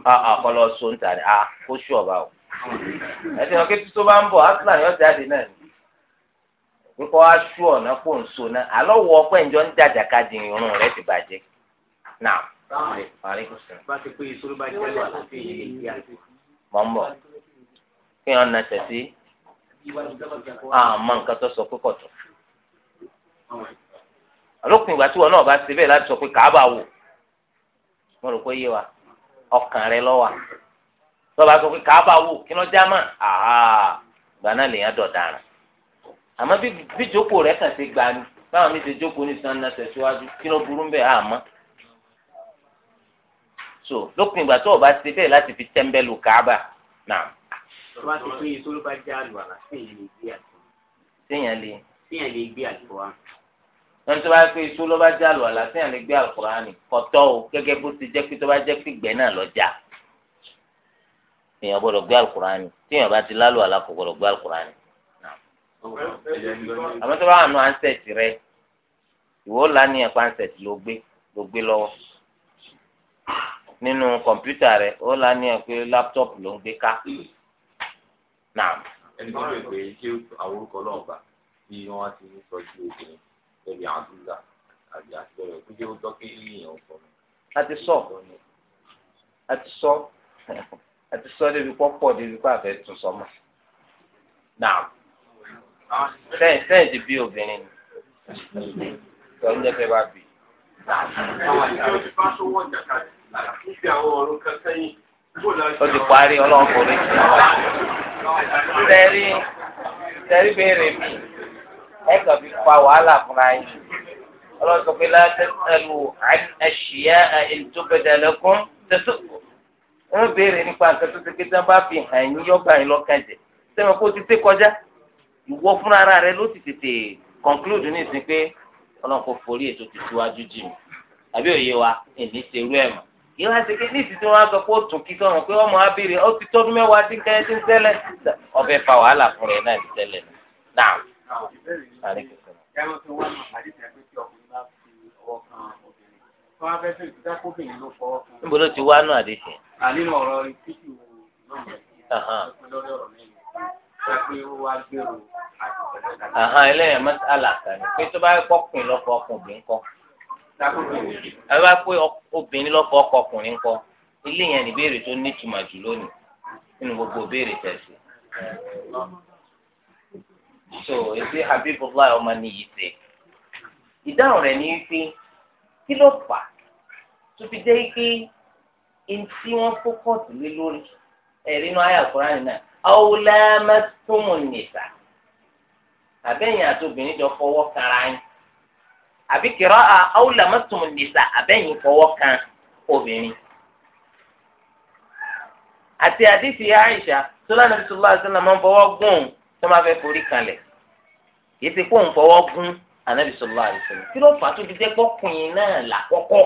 a kọlọ so ń tà ah, kó sùọ̀ báwo. ẹsẹ̀ ọ̀kẹ́ tó bá ń bọ̀ aslan yóò jáde náà ni kíkọ́ aṣọ ọ̀nà ń so náà wọ ọpẹ́ ìjọ ń di irun rẹ ti bàjẹ́ náà. mọ̀ ń bọ̀ kí na tẹ̀sí àmọ́ nǹkan tó sọ pé tó. ìgbà tí wọn náà bá ṣe bẹ́ẹ̀ láti sọ pé kàá bá wò mo rò pé yé tọ́ba sọ pé káàbà wò kí ló já mà áhà gba náà lèèyàn dọ̀daràn àmọ́ bí jókòó rẹ̀ kàn ṣe gba ni báwọn mi ṣe jókòó ní sanna tẹ̀síwájú kí ló burú ń bẹ̀ àmọ́ so lópin ìgbà tó o bá ṣe bẹ́ẹ̀ láti fi tẹ́ḿbẹ́lú káàbà náà. tọ́ba ti pín in tó ló bá já àlùwàlà séèyàn lè gbé àlùwà. séèyàn lè. séèyàn lè gbé àlùwà. lọ́nà tó bá pé iṣu ló bá já àlùwàlà séèyàn lè gbé àlùwà ni kọ́tọ́ o gẹ́gẹ́ bó ti jẹ́ pé tó bá jẹ́ pé ìgbẹ́ náà lọ já èèyàn gbọ́dọ̀ gbé alukurani tí èèyàn bá ti lálù alákò gbọ́dọ̀ gbé alukurani. àmọ́ tó bá wà nù ansẹ̀tì rẹ ìwọ lánìyàn pa ansẹ̀tì ló gbé ló gbé lọ́wọ́ nínú kọ̀mpútà rẹ ó lánìyàn pé láptọ̀pù ló ń gbé ká. ẹni tó lè pè é ṣé àwọn orúkọ náà bá tí wọ́n ti ń sọ sí obìnrin lórí àdúrà àti àtibẹ̀rẹ̀ kó jẹ́ ó tọ́ kí èèyàn sọ. a ti sọ a ti sọ àti sọ́dọ̀ ibi pọ́pọ̀ débi pé àfẹ́ tún sọmọ. Nàá sẹ́yìn sẹ́yìn ti bí obìnrin ni sọ ń jẹ́fẹ́ bá bì. Ó ti parí ọlọ́ọ̀kùnrin. Sẹ́rí sẹ́rí béèrè mi ẹ kàn fi fa wàhálà fúnra yín. Ọlọ́run sọ pé ẹ̀ ń tó wọ́n béèrè nípa nǹkan tó ṣe bá fi hàn yín yọ́gbà yín kó ti kọjá ìwọ ara rẹ ló ti tètè conclude ní ìsìn pé ọlọ́run kò forí ètò ti síwájú jì mí àbí òye wa èmi ṣe irú ní ìsìn tí á sọ pé ó tún kí pé ọmọ ó ti dín wọn fẹ́ fẹ́ ìdíjà kóbìnrin ló fọwọ́ fún. níbo ló ti wá nù àdéhùn. ànínú ọ̀rọ̀ ìtìjú náà ẹlẹ́yìn mẹ́tàlá kan pé tó bá kọ́ pin lọ́kọ̀ ọkùnrin kọ́ ẹ bá pé obìnrin lọ́kọ̀ ọkọ̀ ọkùnrin kọ́ ilé yẹn ní béèrè tó ní ìtumọ̀ jù lónìí nínú gbogbo béèrè tẹ̀sí. so èsì Habibullah ọmọ nìyí ṣe ìdáhùn rẹ̀ ní pé kí ló fà á tó fi jẹ́ pé ntí wọ́n fókọ̀sì lé lórí ẹ̀rí inú àyà Kùránì náà ọ̀wùlẹ̀ mẹ́tòmù nìta àbẹ́yìn àti obìnrin jọ fọwọ́ kara yín àbí kìrọ́ à ọ̀wùlẹ̀ mẹ́tòmù nìta àbẹ́yìn fọwọ́ kan obìnrin. àti àdìsí Àìṣà sọlá nàbìsọlá àti sọlá máa ń fọwọ́ gùn tó máa fẹ́ forí kalẹ̀ kì í ti kó ń fọwọ́ gùn anabi sọlá àdìsẹlẹ kí ló fà á tó fi jẹ pọkùnrin náà làkọ́kọ́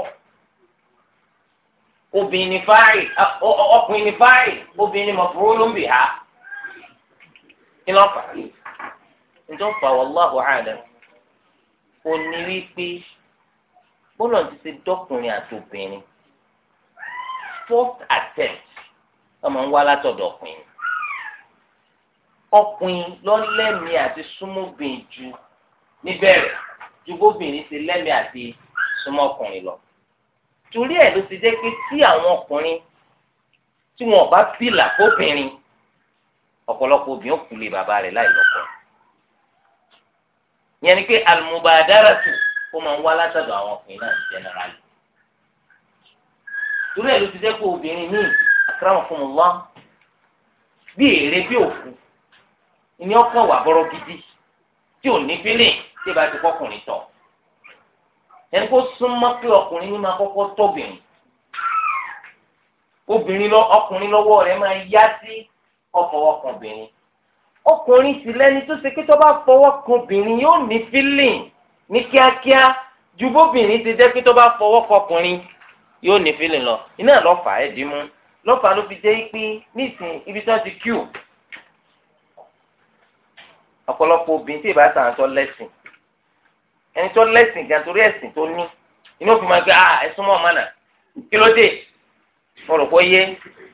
obìnrin ni fáàrì ọkùnrin ni fáàrì obìnrin ni mọ̀fúró ló ń bì á kí ló fà á nítorí fà wallahu a'lam ó ní wípé bọ́lá ti ṣe dọ́kùnrin àti obìnrin first attempt ọmọ ń wá látọ̀dọ̀ ọkùnrin ọkùnrin lọ́lẹ́mìí àti súnmọ́bìn ju níbẹ̀rẹ̀ ju bóbìnrin ṣe lẹ́mí àti súnmọ́ ọkùnrin lọ. torí ẹ̀ ló ti jẹ́ pé tí àwọn ọkùnrin tí wọn bá bìlà fóbìnrin ọ̀pọ̀lọpọ̀ obìnrin kù lé bàbá rẹ̀ láì lọ́kọ. ìyẹn ni pé àlùmọ̀bàdáràtù ó máa ń wá látọ̀dọ̀ àwọn ọkùnrin náà jẹ́nẹ́rálì. torí ẹ̀ ló ti jẹ́ pé obìnrin míì àkàràwọ̀ fún mi wá bí èrè bí òkú ìní ọkàn wà bọ́rọ̀ gidi tí ò ní fílẹ̀ tí ìbá ti kọkùnrin tọ̀ ẹni kó súnmọ́ pé ọkùnrin ní máa kọ́kọ́ tọ́bìnrin obìnrin lọ ọkùnrin lọ́wọ́ rẹ̀ máa yá sí ọkọ̀ ọkùnrin ọkùnrin sì lẹ́ni tó ṣe pé tó bá fọwọ́ kan obìnrin yóò ní fílìn ní kíákíá ju bóbìnrin ti jẹ́ pé tó bá fọwọ́ kan ọkùnrin yóò ní fílìn lọ iná lọ́fà ẹ̀ dín mú lọ́fà ló fi jẹ́ pé nísìnyí ibi tí wọ́n ti kíù ọ̀pọ̀lọpọ̀ obìnrin tí ìbátan àtọ́ lẹ́sìn ẹni tó lẹ́sìn gan torí ẹ̀sìn tó ní inú òfin máa gbé ah ẹ̀sùn mọ́ ọ̀mánà kí ló dé mo rò pé yé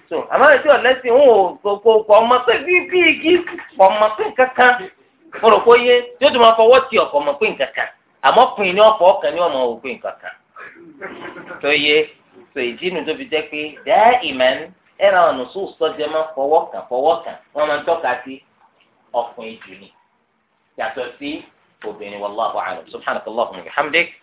so àmọ́ ẹni tó lẹ́sìn ń wò kó kó ọmọ pé bí bí igi ọmọ pé kankan mo rò pé yé yóò tún máa fọwọ́ ti ọ̀pọ̀ ọmọ pé nkankan àmọ́ pin ní ọ̀pọ̀ ọkàn ní ọmọ kankan tó yé so ìdí inú tó fi jẹ́ pé وبيني والله أعلم سبحانك اللهم وبحمدك